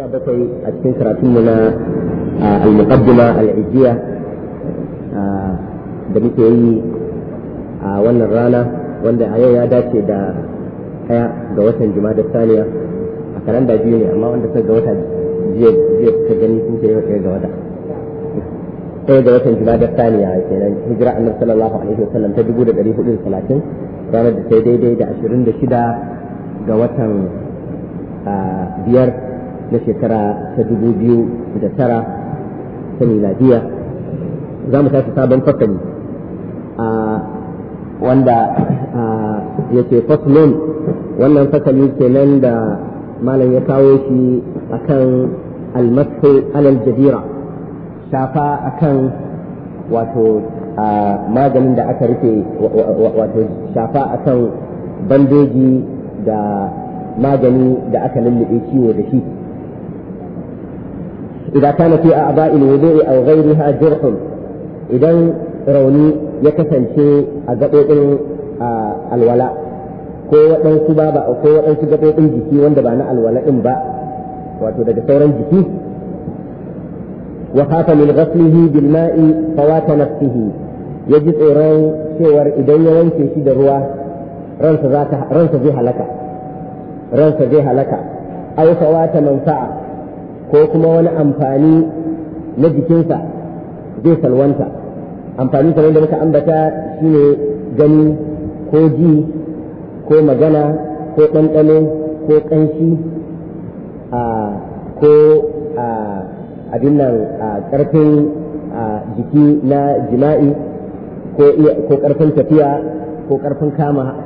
a cikin mu na al-muqaddima al-ijiya da muke yi a wannan rana wanda a yau ya dace da daya ga watan da saniya a da biyu ne amma wanda suka ga wata jiya jiya gani sun ke yau ga wata ɗaya ga watan da saniya kenan hijira annabi sallallahu alaihi wasallam ta dubu da ɗari hudu da talatin ranar da ta daidai da ashirin da shida ga watan biyar na shekara ta dubu biyu da tara ta miladiya za mu tashi sabon fasali wanda ya yake faslun wannan fasali kenan da malam ya kawo shi akan almasu alal jadira shafa akan wato maganin da aka rufe wato shafa akan bandeji da magani da aka lullube ciwo da shi إذا كان في أعضاء الوضوء أو غيرها جرح إذا rauni ya kasance a gaɓoɓin alwala ko waɗansu ba ko waɗansu gaɓoɓin jiki wanda ba na alwala ɗin ba wato daga sauran jiki wa khafa min ghaslihi bil ma'i fawata nafsihi yaji tsoron cewar idan ya wanke shi da ruwa ransa zai halaka ransa zai halaka aw manfa'a ko kuma wani amfani na jikinsa zai salwanta amfani kamar da muka ambata shine gani ko ji ko magana ko ɗanɗano ko ƙanshi ko abin nan ƙarfin jiki na jima'i ko ƙarfin tafiya ko ƙarfin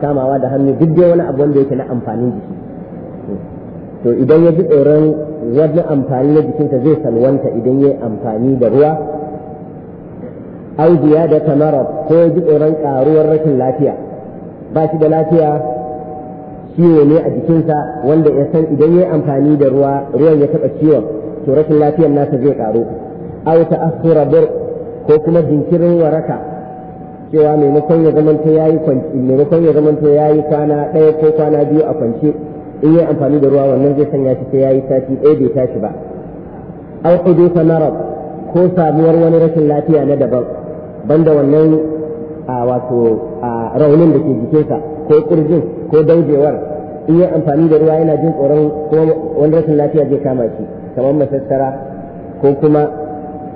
kamawa da hannu duk dai wani abu wanda yake na amfanin jiki to idan ya ji tsoron wani amfani na jikinsa zai salwanta idan ya amfani da ruwa audiya da tamara ko ya ji tsoron karuwar rashin lafiya ba shi da lafiya ciwo ne a jikinsa wanda ya san idan ya yi amfani da ruwa ruwan ya taɓa ciwon to rashin lafiyar nasa zai karu au ta'akhkhura bur ko kuma jinkirin waraka cewa maimakon ya zamanto yayi kwanci ya yayi kwana ɗaya ko kwana biyu a kwance in yi amfani da ruwa wannan zai sanya shi sai ya yi sati ɗaya bai tashi ba au hudusa marad ko samuwar wani rashin lafiya na daban banda wannan a wato a raunin da ke jikinsa ko kurjin ko daujewar in yi amfani da ruwa yana jin tsoron ko wani rashin lafiya zai kama shi kamar masassara ko kuma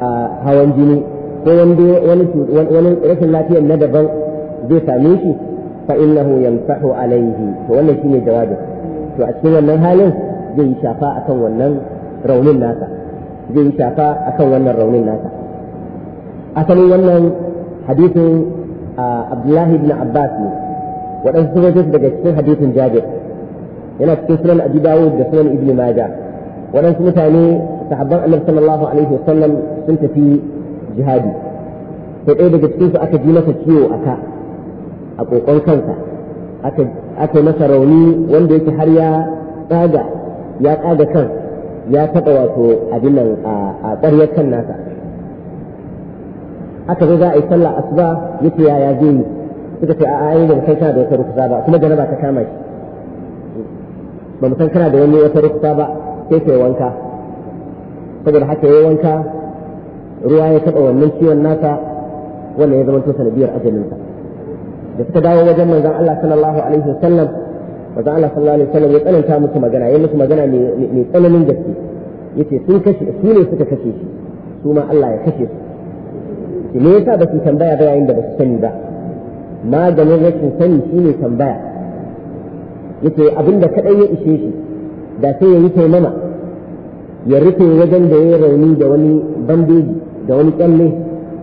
a hawan jini ko wani rashin lafiyar na daban zai same shi fa innahu yamsahu alaihi to wannan shine jawabin to a cikin wannan halin zai yi shafa akan wannan raunin nasa zai yi shafa akan wannan raunin nasa asalin wannan hadisin Abdullahi ibn Abbas ne waɗansu sun rawaito daga cikin hadisin Jabir yana cikin sunan Abi Dawud da sunan Ibn maja waɗansu mutane sahabban Annabi sallallahu alaihi wasallam sun tafi jihadi sai ɗaya daga cikin su aka ji masa ciwo a ka a ƙoƙon kansa aka yi masa rauni wanda yake har ya tsaga ya tsaga kan ya taɓa wato abin nan a ƙwaryar kan nasa aka zo za a yi sallah asuba yake yaya zai yi suka ce a ayi da kai kana da wata rukusa ba kuma janaba ta kama shi ba mu san kana da wani wata rukusa ba sai kai wanka saboda haka yi wanka ruwa ya taɓa wannan ciwon nasa wannan ya zama to sanadiyar ajalinsa da suka dawo wajen manzon Allah sallallahu alaihi wasallam manzon Allah sallallahu alaihi wasallam ya tsananta musu magana ya musu magana mai tsananin gaske yace sun kashe su ne suka kashe shi su ma Allah ya kashe su me yasa ba su tambaya ba yayin da ba su sani ba maganin rashin sani shine tambaya yace abinda kadai ya ishe shi da sai ya yi taimama ya rufe wajen da ya yi rauni da wani bandeji da wani kyalle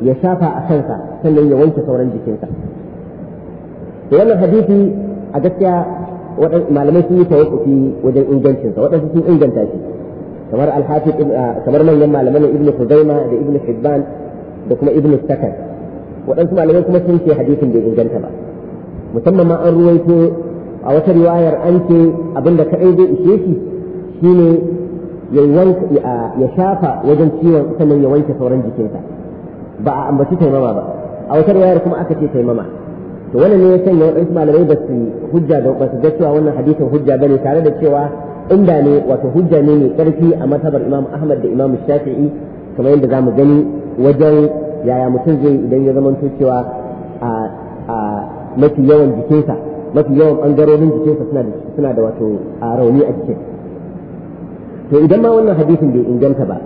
ya shafa a kansa sannan ya wanke sauran jikinsa to wannan hadisi a gaskiya malamai sun yi tawakkufi wajen ingancinsa waɗansu sun inganta shi kamar alhafiz ah, kamar manyan malaman ibnu Huzaima da ibnu Hibban da kuma ibnu Sakan waɗansu malamai kuma sun ce hadisin bai inganta ba musamman ma an ruwaito a wata riwayar an ce abinda kaɗai zai ishe shi shine ya shafa wajen ciwon sannan ya wanke sauran jikinsa ba a ambaci taimama ba a wata riwayar kuma aka ce taimama to wannan ne ya sanya waɗansu malamai ba su hujja da ba su ga cewa wannan hadisin hujja ba ne tare da cewa inda ne wato hujja ne mai ƙarfi a matabar imam ahmad da imam shafi'i kamar yadda za mu gani wajen yaya mutum zai idan ya zama cewa a mafi yawan jikinsa mafi yawan ɓangarorin jikinsa suna da wato a rauni a jikin to idan ma wannan hadisin bai inganta ba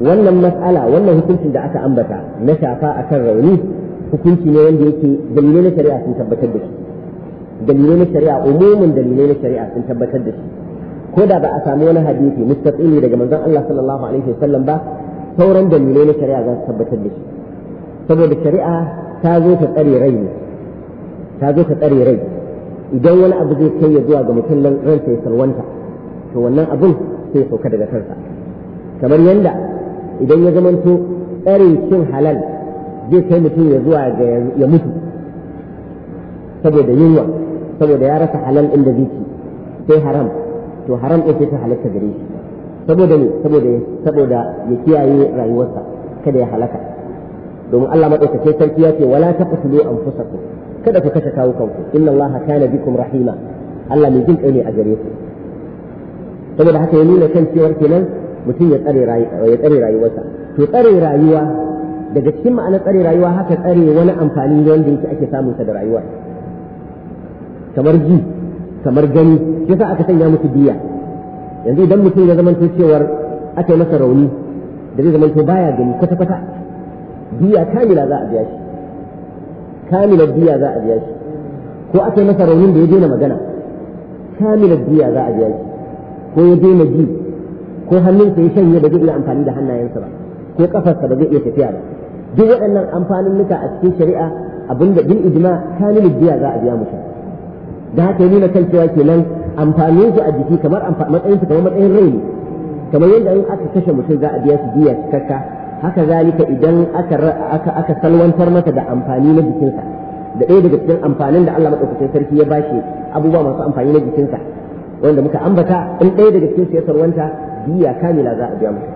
wannan mas'ala wannan hukuncin da aka ambata na shafa akan rauni hukunci ne wanda yake dalilai na shari'a sun tabbatar da shi dalilai na shari'a umumin dalilai na shari'a sun tabbatar da shi ko da ba a samu wani hadisi ne daga manzon Allah sallallahu alaihi wasallam ba sauran dalilai na shari'a za su tabbatar da shi saboda shari'a ta zo ta tsare rai ne ta zo ta tsare rai idan wani abu zai kai ya zuwa ga mutum nan zan ya sarwanta to wannan abun sai ya sauka daga kansa kamar yanda idan ya zamanto tsarin cin halal zai kai mutum ya zuwa ga ya mutu saboda yunwa saboda ya rasa halal inda zai ci sai haram to haram ɗin sai ta halatta gare shi saboda ne saboda saboda ya kiyaye rayuwarsa kada ya halaka domin Allah madaukakin sarki ya ce wala taqtulu anfusakum kada ku kashe kawo kanku inna Allah kana bikum rahima Allah mai jin kai ne a gare ku saboda haka ya nuna kan cewar kenan mutum ya tsare rayuwarsa to tsare rayuwa daga cikin ma'anar tsare rayuwa haka tsare wani amfani wanda yake ake samunsa da rayuwa kamar ji kamar gani yasa aka sanya musu biya yanzu idan mutum ya zamanto cewar aka yi masa rauni da zai zamanto baya gani kwata kwata biya kamila za a biya shi kamilar biya za a biya shi ko aka yi masa raunin da ya daina magana kamilar biya za a biya shi ko ya daina ji ko hannunsa ya shanye da zai iya amfani da hannayensa ba ko kafarsa ba zai iya tafiya ba duk waɗannan amfanin nuka a cikin shari'a abinda bin ijma kamilul biya za a biya mutum da haka ya nuna kan cewa kenan amfanin su a jiki kamar matsayin su kamar matsayin rai ne kamar yadda in aka kashe mutum za a biya su biya cikakka haka zalika idan aka aka aka salwantar masa da amfani na jikinsa da ɗaya daga cikin amfanin da Allah madaukakin sarki ya bashi abubuwa masu amfani na jikinsa wanda muka ambata in ɗaya daga cikin su ya salwanta biya kamila za a biya mutum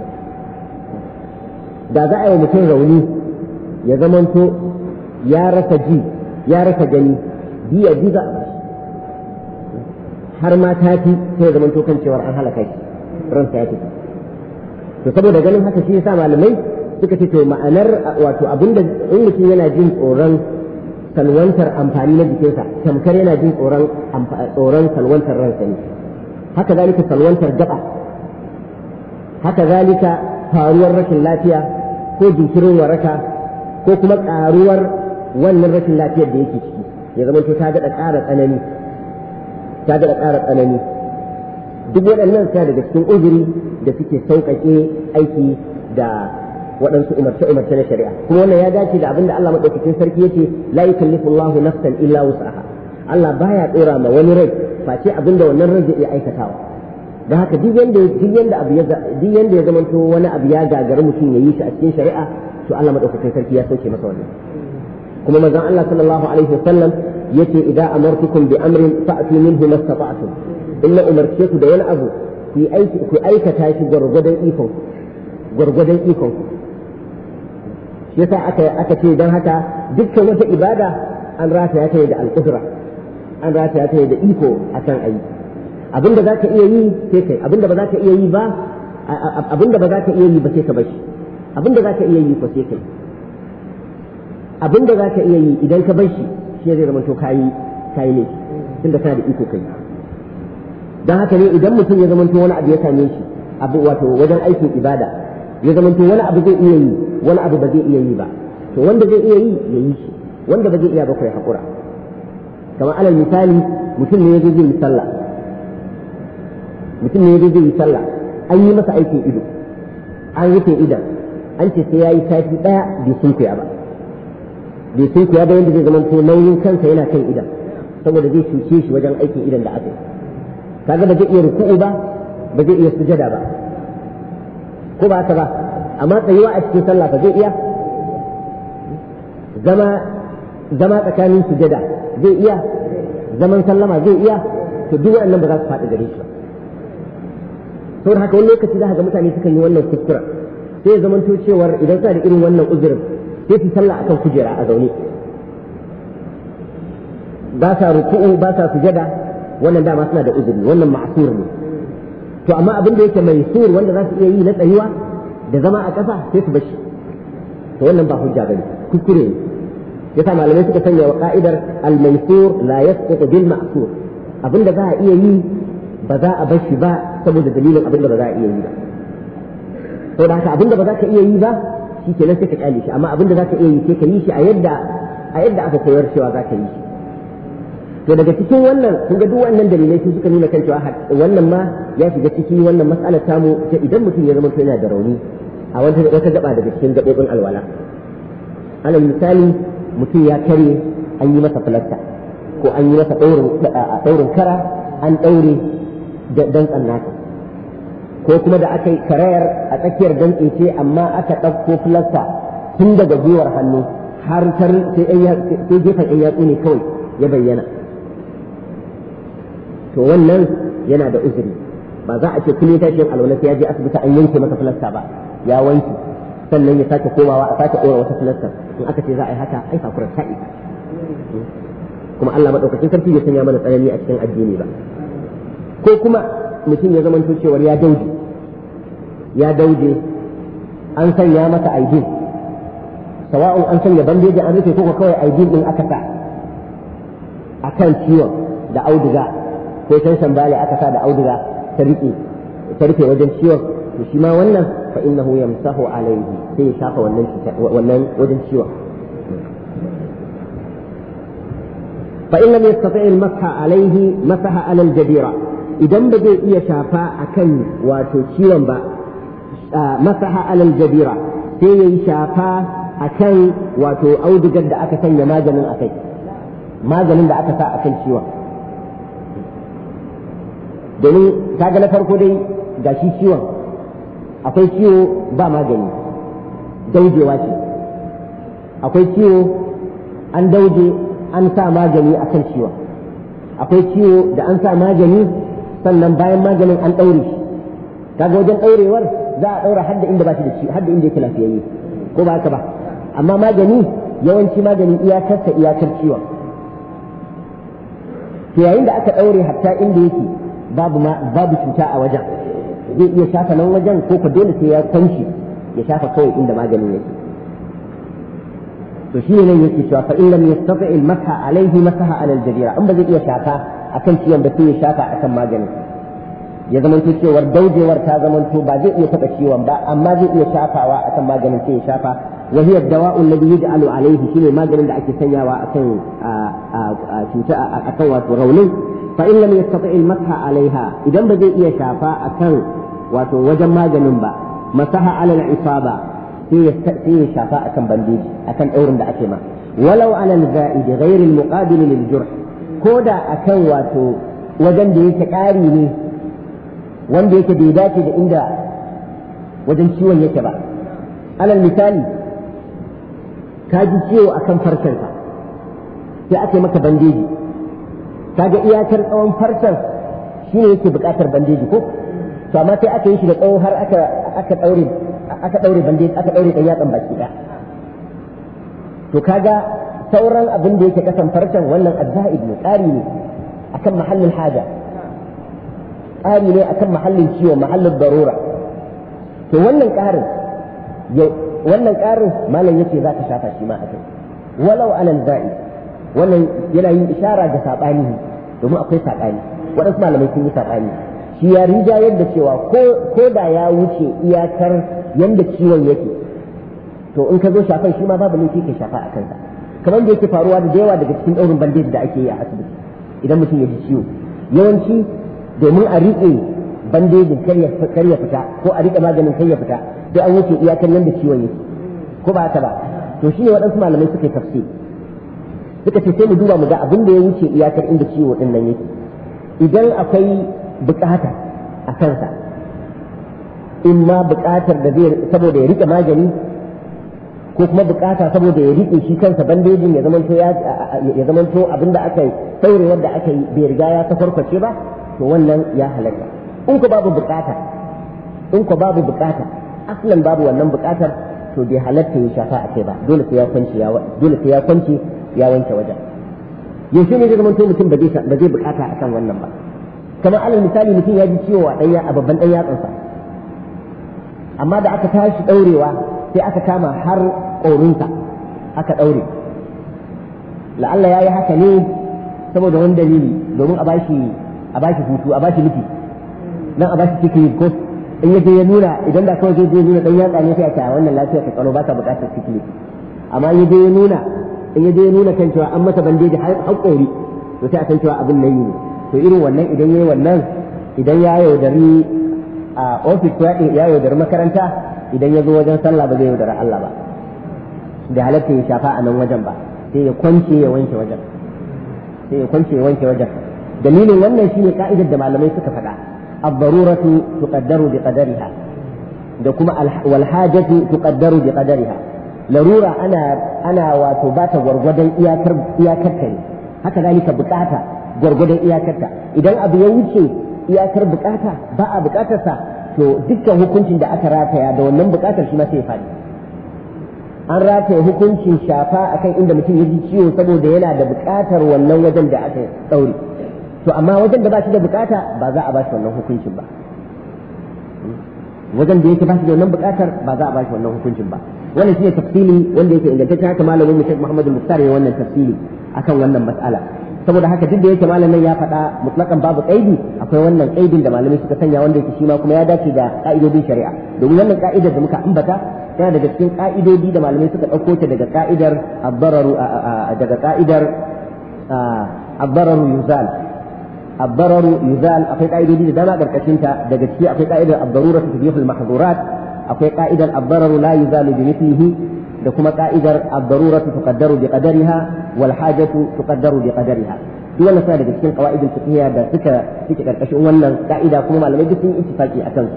da za a yi mutum rauni ya zamanto ya rasa ji ya rasa gani biya biza har ma ta fi sai ya zamanto kan cewar an halaka shi ransa ya tafi to saboda ganin haka shi yasa malamai suka ce to ma'anar wato abinda in mutum yana jin tsoron salwantar amfani na jikinsa tamkar yana jin tsoron tsoron salwantar ransa ne haka zalika salwantar gaba haka zalika faruwar rashin lafiya ko jinkirin waraka ko kuma ƙaruwar wannan rashin lafiyar da yake ciki ya zama ta daɗa ƙara tsanani ta daɗa ƙara tsanani duk waɗannan sa daga cikin uzuri da suke sauƙaƙe aiki da waɗansu umarce-umarce na shari'a kuma wannan ya dace da abin da Allah maɗaukakin sarki yake la yukallifu Allahu nafsan illa wus'aha Allah baya tsora ma wani rai face abin da wannan rai zai iya aikatawa da haka duk yanda ya duk yanda zamanto wani abu ya gagari mutum ya yi shi a cikin shari'a to Allah madaukakin sarki ya sauke masa wannan kuma manzon Allah sallallahu alaihi wasallam yace idan amartukum bi amrin fa'tu minhu mastata'tum in na umarce da wani abu ku aiki ku aikata shi gwargwadon ikon gwargwadon ikon yasa aka aka ce dan haka dukkan wata ibada an rataya ta yi da alqudra an rataya ta yi da iko akan aiki abinda za ka iya yi sai kai abinda ba za ka iya yi ba da ba za ka iya yi ba sai ka bashi abinda za ka iya yi ko sai kai abinda za ka iya yi idan ka bashi shi zai zama to kayi kayi ne tunda kana da iko kai dan haka ne idan mutum ya zama to wani abu ya same shi abu wato wajen aikin ibada ya zama to wani abu zai iya yi wani abu ba zai iya yi ba to wanda zai iya yi ya yi shi wanda ba zai iya ba kai hakura kamar alal misali mutum ne ya zo zai yi sallah mutum ne zai yi sallah an yi masa aikin ido an rufe idan an ce sai yayi sati daya bai sunkuya ba bai sunkuya ba yanda zai zama to nauyin kansa yana kan idan saboda zai cuce shi wajen aikin idan da aka yi kaga ba zai iya ruku'u ba ba zai iya sujada ba ko ba haka ba amma tsayuwa a cikin sallah ba zai iya zama zama tsakanin sujada zai iya zaman sallama zai iya to duk waɗannan ba za su faɗi gare shi ba saboda haka wani lokaci za ga mutane sukan yi wannan kuskura sai ya zamanto cewar idan suna da irin wannan uzurin sai su sallah akan kujera a zaune ba sa ruku'u ba sa sujada wannan dama suna da uzuri wannan ma'sur ne to amma abin da yake maisur wanda za su iya yi na tsayuwa da zama a ƙasa sai su bashi to wannan ba hujja bane kuskure ne yasa malamai suka sanya wa ka'idar al-maisur la yasqutu bil ma'sur abinda za a iya yi ba za a bar shi ba saboda dalilin abin da ba za a iya yi ba da haka abin da ba za ka iya yi ba shi kenan sai ka kyale shi amma abin da za ka iya yi sai ka yi shi a yadda a yadda aka koyar cewa za ka yi shi to daga cikin wannan kun ga duk wannan dalilai sun suka nuna kan cewa wannan ma ya shiga ciki wannan mas'alar tamu ta idan mutum ya zama yana da rauni a wata wata gaba daga cikin gabobin alwala alal misali mutum ya kare an yi masa filasta ko an yi masa daurin kara an daure dan tsannaka ko kuma da aka yi karayar a tsakiyar dantse ce amma aka ɗauko filasta tun daga gwiwar hannu har sai gefen ɗan yatsu ne kawai ya bayyana to wannan yana da uzuri ba za a ce kullum tashin alwala sai ya je asibiti an yanke masa filasta ba ya wanke sannan ya sake komawa a sake ɗora wata filasta in aka ce za a yi haka ai fakurar sa'i hmm. kuma Allah maɗaukacin sarki ya sanya mana tsanani a cikin addini ba ko kuma mutum ya zamanto cewar ya dauje ya dauje an sanya masa aidin sawa'un an sanya bandeji an rufe koko kawai aidin din aka sa akan ciwon da auduga ko can shambale aka sa da auduga ta rike ta rufe wajen ciwon to shi ma wannan fa innahu yamsahu alayhi sai ya shafa wannan wannan wajen ciwon فإن لم يستطع المسح عليه مسح على الجديرة idan ba zai iya shafa a kan wato ciwon ba masaha alal jabira sai ya yi shafa a kan wato audugar da aka sanya maganin a kai, maganin da aka sa a kan ciwon domin kaga na farko dai ga shi ciwon akwai ciwo ba magani daujewa ce akwai ciwo an dauje an sa magani a kan ciwon akwai ciwo da an sa magani sannan bayan maganin an ɗaure shi kaga wajen ɗaurewar za a ɗaura hadda inda ba shi da shi hadda inda yake lafiyayye ko ba haka ba amma magani yawanci magani iyakarsa iyakar ciwon to yayin da aka ɗaure hatta inda yake babu ma babu cuta a wajen zai iya shafa nan wajen ko ka dole sai ya kwanci ya shafa kawai inda maganin yake to shi ne yake cewa fa in lam yastati al masha alaihi masaha ala al jadira in ba zai iya shafa akan ciwon da sai ya shafa kan magani ya zamanto cewar daujewar ta zamanto ba zai iya taɓa ciwon ba amma zai iya shafawa kan maganin sai ya shafa wa hiya dawa'u alladhi yaj'alu alayhi shine maganin da ake sanyawa akan cuta akan wato raunin fa in lam yastati' al-masha alaiha idan ba zai iya shafa akan wato wajen maganin ba masaha ala al-isaba sai ya shafa akan bandeji akan daurin da ake ma walau ala al-za'id ghayr al-muqabil lil-jurh ko da a kan wato wajen da yake ƙari ne wanda yake bai dace da inda wajen ciwon yake ba alal misali ka ji ciwo a kan farcenka sai aka yi maka bandeji ka ga iyakar tsawon farcen shi ne yake buƙatar bandeji ko to amma sai aka yi shi da tsawo har aka ɗaure aka ɗaure bandeji aka ɗaure ɗan yatsan baki ɗaya to kaga sauran abin da yake kasan farcen wannan azza'id ne ƙari ne akan mahallin haja ƙari ne akan mahallin ciwo mahallin darura to wannan ƙarin wannan ƙarin malam yake za ka shafa shi ma a kai walau alal za'i wannan yana yin ishara da saɓani ne domin akwai saɓani waɗansu malamai sun yi saɓani shi ya rija yadda cewa ko da ya wuce iyakar yadda ciwon yake to in ka zo shafan shi ma babu laifi ka shafa a kansa kamar da yake faruwa da yawa daga cikin ɗaurin bandage da ake yi a asibiti idan mutum ya ji ciwo yawanci domin a riƙe bandejin kar ya fita ko a riƙe maganin kar ya fita sai an wuce iyakar yadda ciwon yake ko ba ta ba to shine waɗansu malamai suka yi tafsir suka ce sai mu duba mu ga abin da ya wuce iyakar inda ciwo din nan yake idan akwai bukata a kansa in ma bukatar da zai saboda ya rike magani ko kuma bukata saboda ya riƙe shi kansa bandejin ya zamanto ya zamanto abinda aka yi daure wanda aka yi bai riga ya tafarkace ba to wannan ya halatta in ko babu bukata in ku babu bukata aslan babu wannan bukatar to bai halatta ya shafa a kai ba dole sai ya kwance ya dole sai ya kwance ya wanke wajen yaushe ne zai zamanto mutum ba zai ba zai bukata akan wannan ba kamar alal misali mutum ya ji ciwo a ɗanya a babban ɗan tsansa amma da aka tashi ɗaurewa sai aka kama har ƙorinsa aka ɗaure la'alla ya yi haka ne saboda wani dalili domin a bashi a bashi hutu a bashi miki nan a bashi cikin ko in yaje ya nuna idan da kawai zai nuna dan yatsa ne sai a ce wannan lafiya ka tsaro ba ka buƙatar cikin amma in yaje ya nuna in yaje ya nuna kan cewa an masa bandeji har haƙori to sai a san cewa abin nan ne to irin wannan idan yayi wannan idan ya yaudari a ofis ya yaudari makaranta idan ya zo wajen sallah ba zai yaudara Allah ba da halatta ya shafa a nan wajen ba sai ya kwance ya wanke wajen sai ya kwance ya wanke wajen dalilin wannan shine ka'idar da malamai suka faɗa ad-daruratu tuqaddaru bi qadariha da kuma wal hajatu tuqaddaru bi qadariha larura ana ana wato bata gwargwadon iyakar iyakar ta haka zalika bukata gwargwadon iyakar ta idan abu ya wuce iyakar bukata ba a bukatarsa to dukkan hukuncin da aka rataya da wannan bukatar shi ma sai faɗi an rataya hukuncin shafa akan inda mutum ya ji ciwo saboda yana da bukatar wannan wajen da aka ɗaure to amma wajen da ba shi da bukata ba za a ba shi wannan hukuncin ba wajen da yake ba shi da wannan bukatar ba za a ba shi wannan hukuncin ba wannan shine tafsili wanda yake ingantacce haka malamin mu Sheikh Muhammad al ya wannan tafsili akan wannan mas'ala saboda haka duk da yake malamin ya faɗa mutlakan babu kaidi akwai wannan kaidin da malamai suka sanya wanda yake shi ma kuma ya dace da ka'idodin shari'a domin wannan ka'idar da muka ambata yana daga cikin ka'idodi da malamai suka ɗauko ta daga ka'idar abbararu daga ka'idar abbararu yuzal abbararu yuzal akwai ka'idodi da dama karkashin ta daga ciki akwai ka'idar abdarura tabyihul mahdurat akwai ka'idar abbararu la yuzalu bi mithlihi da kuma ka'idar ad-daruratu tuqaddaru bi qadariha wal hajatu tuqaddaru bi qadariha duk wannan suna daga cikin qawaidul fiqhiyya da suka suke karkashin wannan ka'ida kuma malamai duk sun ittifaqi akan su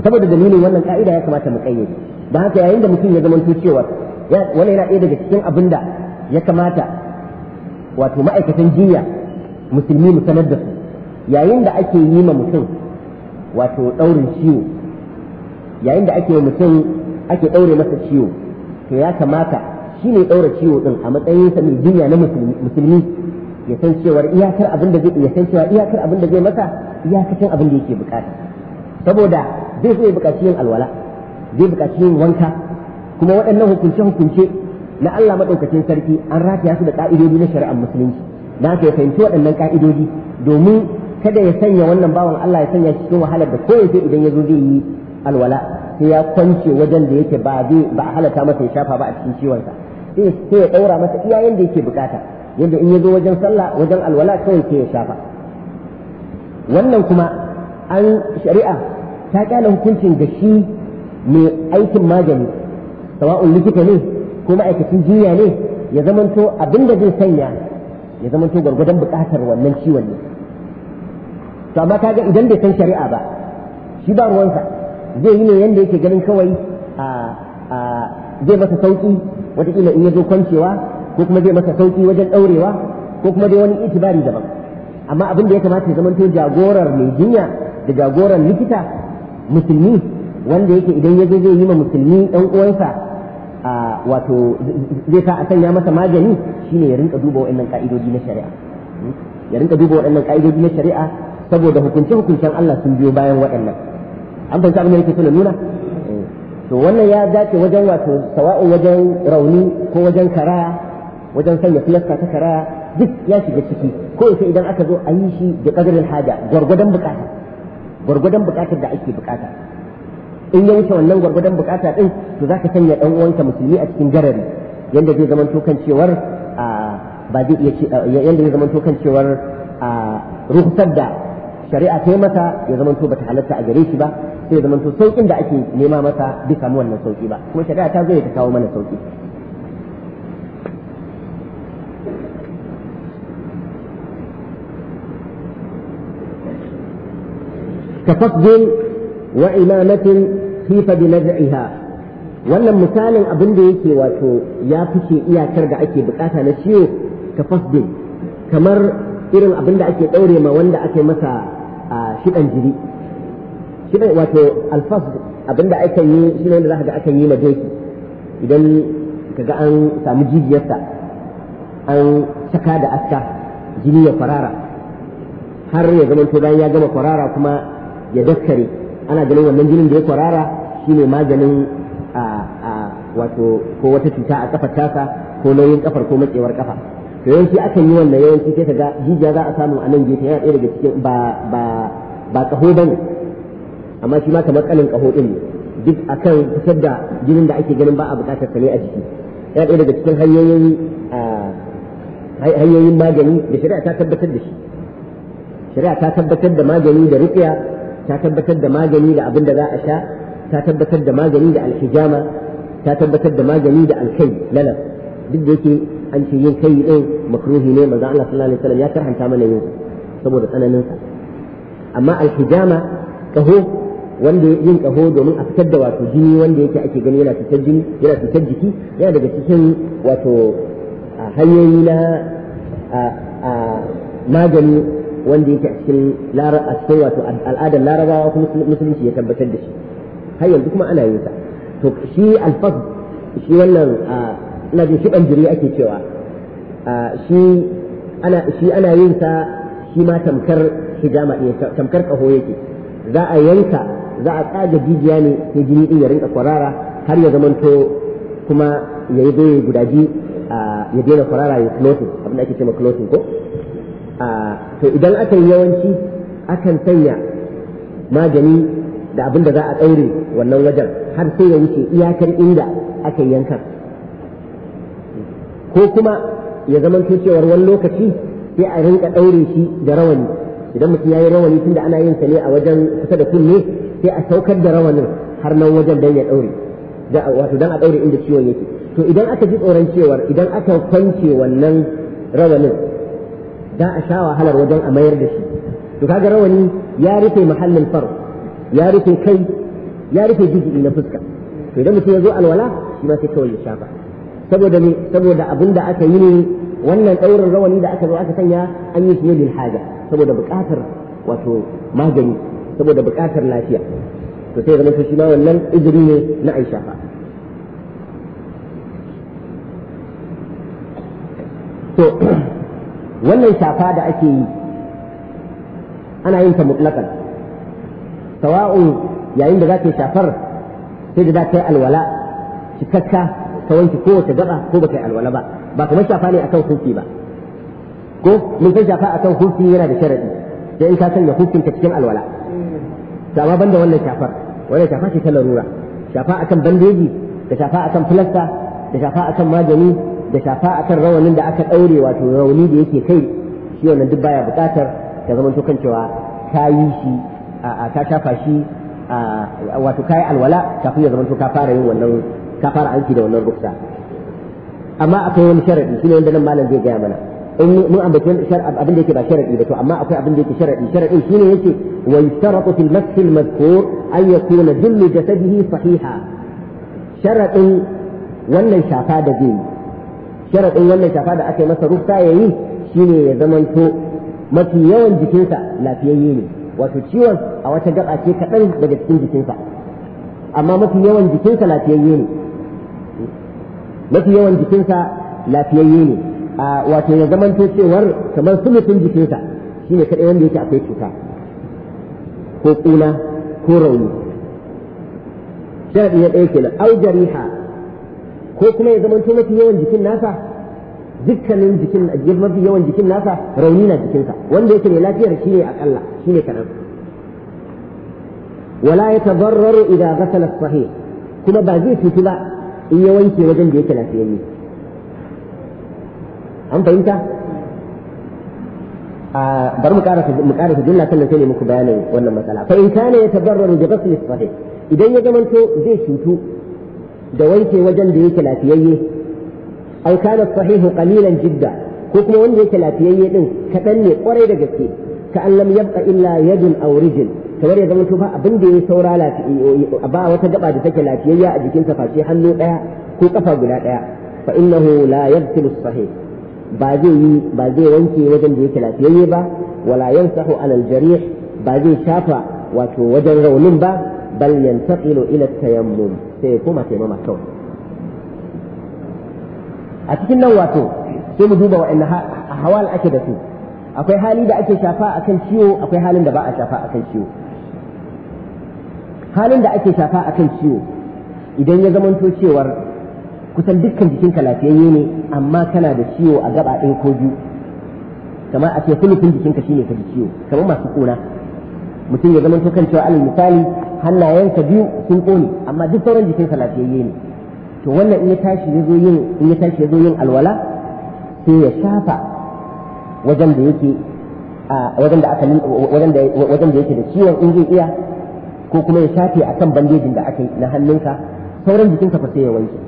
to saboda dalilin wannan ka'ida ya kamata mu kayyade dan haka yayin da mutum ya zamanto cewa wannan yana ɗaya daga cikin abinda ya kamata wato ma'aikatan jinya musulmi mu sanar da su yayin da ake yi ma mutum wato ɗaurin ciwo yayin da ake mutum ake ɗaure masa ciwo to ya kamata shi ne ɗaura ciwo ɗin a matsayinsa mai jinya na musulmi ya san cewar iyakar abin da zai ya san cewa iyakar abin da zai masa iyakacin abin da yake bukata saboda zai zai bukaci yin alwala zai bukaci yin wanka kuma waɗannan hukunce hukunce na Allah madaukakin sarki an rataya su da ka'idodi na shari'ar musulunci na ka fahimci waɗannan ka'idodi domin kada ya sanya wannan bawan Allah ya sanya cikin wahalar da ko idan ya zo zai yi alwala sai ya kwance wajen da yake ba zai ba a halata masa ya shafa ba a cikin ciwonsa sai sai ya daura masa iya yanda yake bukata yadda in ya zo wajen sallah wajen alwala kawai sai ya shafa wannan kuma an shari'a ta kyale hukuncin da shi mai aikin magani sawa'un likita ne ko ma'aikacin jinya ne ya zamanto abin da zai sanya ya zamanto gwargwadon bukatar wannan ciwon ne to amma kaga idan bai san shari'a ba shi ba ruwansa zai yi ne yanda yake ganin kawai zai masa sauki wataƙila in ya zo kwancewa ko kuma zai masa sauki wajen ɗaurewa ko kuma dai wani itibari daban amma abin da ya kamata ya zamanto jagorar mai jinya da jagorar likita musulmi wanda yake idan ya zo zai yi ma musulmi ɗan uwansa wato zai sa a sanya masa magani shine ya rinka duba waɗannan ka'idoji na shari'a hmm? ya rinka duba waɗannan ka'idoji na shari'a saboda hukunce hukuncen Allah sun biyo bayan waɗannan an fahimci abin da yake so na nuna to wannan ya dace wajen wato sawa'un wajen rauni ko wajen karaya wajen sanya filasta ta karaya duk ya shiga ciki ko yace idan aka zo a yi shi da kadarin haja gwargwadon bukata gwargwadon bukatar da ake bukata in ya wuce wannan gwargwadon bukata din to zaka sanya dan uwanka musulmi a cikin garari yanda zai zama kan cewar ba zai iya yanda zai zama cewar ruhsar da shari'a ta masa ya zama to bata halatta a gare shi ba sai ya zama to saukin da ake nema masa bai samu wannan sauki ba kuma shari'a ta zo ta kawo mana sauki كفضل وإمامة في فبنزعها wannan misalin abin da yake wato ya fice iyakar da ake bukata na ciwo ka fasdin kamar irin abin da ake ɗaure ma wanda ake masa a shidan jiri shidan wato alfas abinda aka yi shi ne za ka ga aka yi ma doki idan kaga an samu jijiyarsa an saka da aska jini ya kwarara har ya zama to bayan ya gama kwarara kuma ya daskare ana ganin wannan jinin da ya kwarara ne maganin a wato ko wata cuta a kafar tasa ko nauyin kafar ko matsewar kafa to yawanci akan yi wannan yawanci sai ga jijiya za a samu a nan gefe yana ɗaya daga cikin ba ba ba kaho bane amma shi ma kamar kanin kaho din ne duk akan fitar da jinin da ake ganin ba a bukatar sa ne a jiki yana ɗaya daga cikin hanyoyin hanyoyin magani da shari'a ta tabbatar da shi shari'a ta tabbatar da magani da rukiya ta tabbatar da magani da abin da za a sha ta tabbatar da magani da alhijama ta tabbatar da magani da alkai lalata duk da yake an ce yin kai din makruhi ne manzo Allah sallallahu alaihi wasallam ya karhanta mana yin saboda tsananin sa amma alhijama kaho wanda yin kaho domin a fitar da wato jini wanda yake ake gani yana fitar jini yana fitar jiki yana daga cikin wato hanyoyi na magani wanda yake a cikin a cikin wato al'adar larabawa kuma musulunci ya tabbatar da shi har yanzu kuma ana yin sa to shi alfaz shi wannan ana jin kiɗan jiri ake cewa shi ana shi ana yin sa shi ma tamkar shiga ma eh, tamkar kaho yake za a yanka za a tsaga jijiya ne sai jini din ya rinka kwarara har ya zamanto kuma ya yi doye gudaji ya daina kwarara ya clothing abin ake cewa clothing ko to idan aka yi yawanci akan sanya magani da abin da za a tsaure wannan wajen har sai ya wuce iyakar inda aka yanka ko kuma ya zamanto cewar wani lokaci sai a rinka ɗaure shi da rawani idan mutum ya yi rawani da ana yin sa ne a wajen kusa da kunne sai a saukar da rawanin har nan wajen don ya ɗaure wato don a ɗaure inda ciwon yake to idan aka ji tsoron cewar idan aka kwance wannan rawanin za a sha wahalar wajen a mayar da shi to kaga rawani ya rufe muhallin far ya rufe kai ya rufe jiji na fuska to idan mutum ya zo alwala shi ma sai kawai ya shafa saboda ne saboda abin da aka yi ne wannan ɗaurin rawani da aka zo aka sanya an yi shi ne lil haja saboda buƙatar wato magani saboda buƙatar lafiya to sai zama shi ma wannan izini ne na Aisha fa to wannan shafa da ake yi ana yin ta mutlaqan sawa'un yayin da zaka shafar sai da za yi alwala cikakka ka wanke kowace gaba ko baka yi alwala ba ba kuma shafa ne akan hukunci ba ko mun san shafa akan hukunci yana da sharadi da in ka sanya hukunta cikin alwala to amma banda wannan shafar wannan shafa ce ta larura shafa akan bandeji da shafa akan filasta da shafa akan magani da shafa akan rawanin da aka daure wato rauni da yake kai shi wannan duk baya bukatar ka zama to kan ka yi shi a ka shafa shi wato kai alwala kafin ya zama to ka fara yin wannan ka fara aiki da wannan ruksa amma akwai wani sharadi ne wanda nan malam zai gaya mana in mun ambaci abin da yake ba sharadi ba to amma akwai abin da yake sharadi sharadin shine yake wa yustaratu fil masjid al-madhkur an yakuna dhillu jasadihi sahiha sharadin wannan shafa da zai sharadin wannan shafa da aka yi masa ruksa yayi shine ya zamanto mafi yawan jikinsa lafiyayye ne wato ciwon a wata gaba ce kaɗan daga cikin jikinsa amma mafi yawan jikinsa lafiyayye ne mafi yawan jikinsa lafiyayye ne wato ya zamanto cewar kamar sulutin jikinsa shine kaɗai wanda yake akwai cuta ko ƙuna ko rauni sharadi na ɗaya kenan au jariha ko kuma ya to mafi yawan jikin nasa dukkanin jikin mafi yawan jikin nasa rauni na jikinsa wanda yake mai lafiyar shine shi shine kaɗan wala yatadarraru idan ghasala as-sahih kuma ba zai cutu ba in ya wanke wajen da yake lafiyayye an fahimta bar mu ƙara mu ƙara ta jumla sannan sai ne muku bayanin wannan matsala fa in kana yatabarraru bi ghasli sahih idan ya zamanto zai cutu da wanke wajen da yake lafiyayye aw kana sahihu qalilan jidda ko kuma wanda yake lafiyayye din kaɗan ne kwarai da gaske ka an lam yabqa illa yadun aw rijl kamar ya zama ba abin da ya saura ba wata gaba da take lafiyayya a jikin face hannu daya ko kafa guda daya fa innahu la yaghsilu sahih ba zai yi ba zai wanke wajen da yake lafiyayye ba wala yansahu ala al ba zai shafa wato wajen raunin ba bal yantaqilu ila tayammum sai kuma sai taimama kawai a cikin nan wato sai mu duba wa'annan hawal ake da su akwai hali da ake shafa akan ciwo akwai halin da ba a shafa akan ciwo halin da ake shafa kan ciwo idan ya zamanto cewar kusan dukkan jikinka lafiyayye ne amma kana da ciwo a gaba ɗaya ko biyu kamar a ce fulufin jikinka shine ka da ciwo kamar masu kona mutum ya zamanto kan cewa alal misali hannayenka biyu sun ƙone amma duk sauran jikinka lafiyayye ne to wannan in ya tashi ya zo yin in ya tashi ya zo yin alwala sai ya shafa wajen da yake wajen da aka wajen da yake da ciwon in zai iya ko kuma ya shafe kan bandejin da aka yi na hannunka sauran jikinka fa sai ya wanke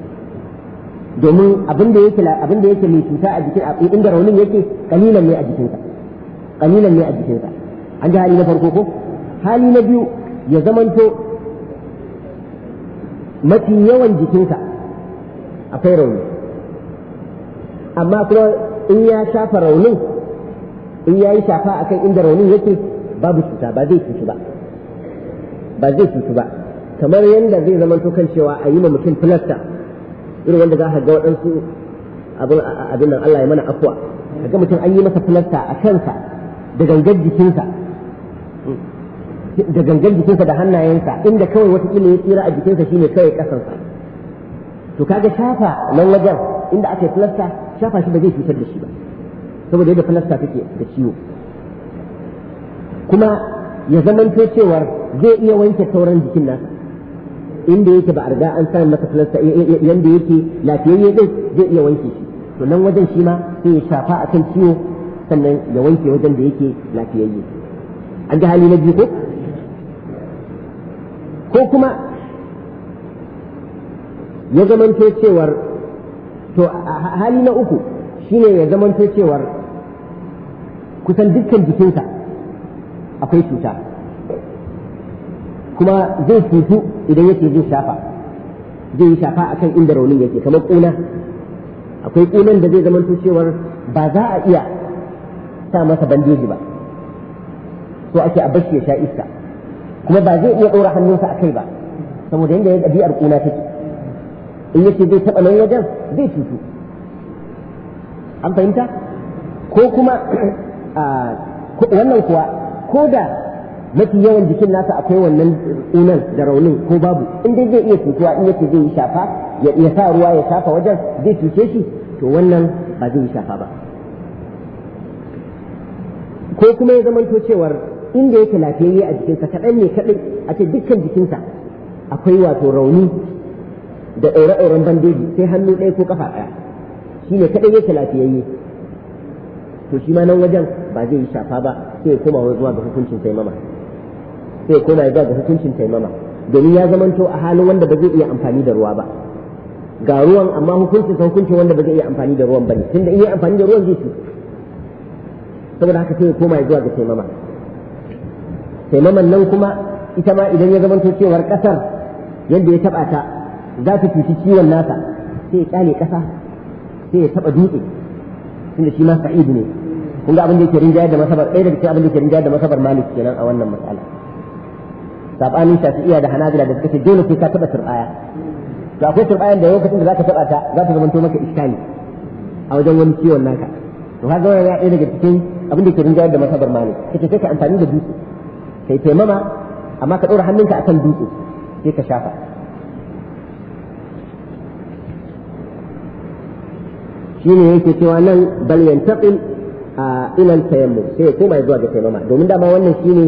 domin abin da yake abin da yake mai cuta a jikin inda raunin yake kalilan ne a jikinka kalilan ne a jikinka an ji hali na farko ko hali na biyu ya zamanto mafi yawan jikinka akwai rauni amma kuma in ya shafa raunin in ya yi shafa akan inda raunin yake babu cuta ba zai cutu ba ba zai cutu ba kamar yadda zai zama kan cewa a yi ma mutum filasta irin wanda za a ga waɗansu abin nan Allah ya mana afuwa a ga mutum an yi masa filasta a kansa da gangar jikinsa da gangan jikinsa da hannayensa inda kawai wata kila ya tsira a jikinsa shine kawai kasansa to kaga shafa nan wajen inda aka yi filasta shafa shi ba zai cutar da shi ba saboda yadda filasta take da ciwo kuma ya zamanto cewar zai iya wanke sauran jikin nasa inda yake ba a riga an sami masa filasta yanda yake lafiyayye zai zai iya wanke shi to nan wajen shi ma sai ya shafa akan ciwo sannan ya wanke wajen da yake lafiyayye an ji hali na biyu ko ko kuma ya zamanto cewar to hali na uku shine ya zamanto cewar kusan dukkan jikinsa akwai cuta kuma zai cutu idan yake zai shafa zai yi shafa akan inda raunin yake kamar kuna akwai kunan da zai zamanto cewar ba za a iya sa masa bandeji ba so ake a bashi ya sha iska kuma ba zai iya ɗora hannunsa a kai ba saboda yadda ya ɗabi'ar kuna take in yake zai taɓa nan wajen zai cutu an fahimta ko kuma wannan kuwa ko da mafi yawan jikin nasa akwai wannan unan da raunin ko babu in zai iya cutuwa in yake zai yi shafa ya sa ruwa ya shafa wajen zai cuce shi to wannan ba zai yi shafa ba ko kuma ya zamanto cewar inda yake lafiyayye a jikinsa kaɗan ne kaɗai a ce dukkan jikinsa akwai wato rauni da ɗaure-ɗauren bandeji sai hannu ɗaya ko ƙafa ɗaya shi ne kaɗai yake lafiyayye to shi ma nan wajen ba zai yi shafa ba sai ya koma zuwa ga hukuncin sai mama sai koma zuwa ga hukuncin taimama domin ya zamanto a halin wanda ba zai iya amfani da ruwa ba ga ruwan amma hukuncin sa hukuncin wanda ba zai iya amfani da ruwan bane tunda in yi amfani da ruwan zai ci saboda haka sai koma zuwa ga taimama taimaman nan kuma ita ma idan ya zamanto cewar kasar yadda ya taba ta za ta cuci ciwon nasa sai ya kyale kasa sai ya taba dutse tunda shi ma sa'id ne kun ga abin da yake rinjaya da masabar ɗaya daga cikin abin da yake rinjaya da masabar malik kenan a wannan matsala. sabanin shafi'iyya da hanabila da suka ce dole sai ka taba turbaya to akwai turbayan da lokacin da zaka taba ta za ta zamanto maka iskani a wajen wani ciwon naka to ka wannan ya daga cikin abin da ke rinjayar da masabar malik kace sai ka amfani da dutse kai taimama amma ka ɗora hannunka akan dutse sai ka shafa shine yake cewa nan bal yantaqil ila al-tayammum sai ya koma zuwa ga taimama domin dama wannan shine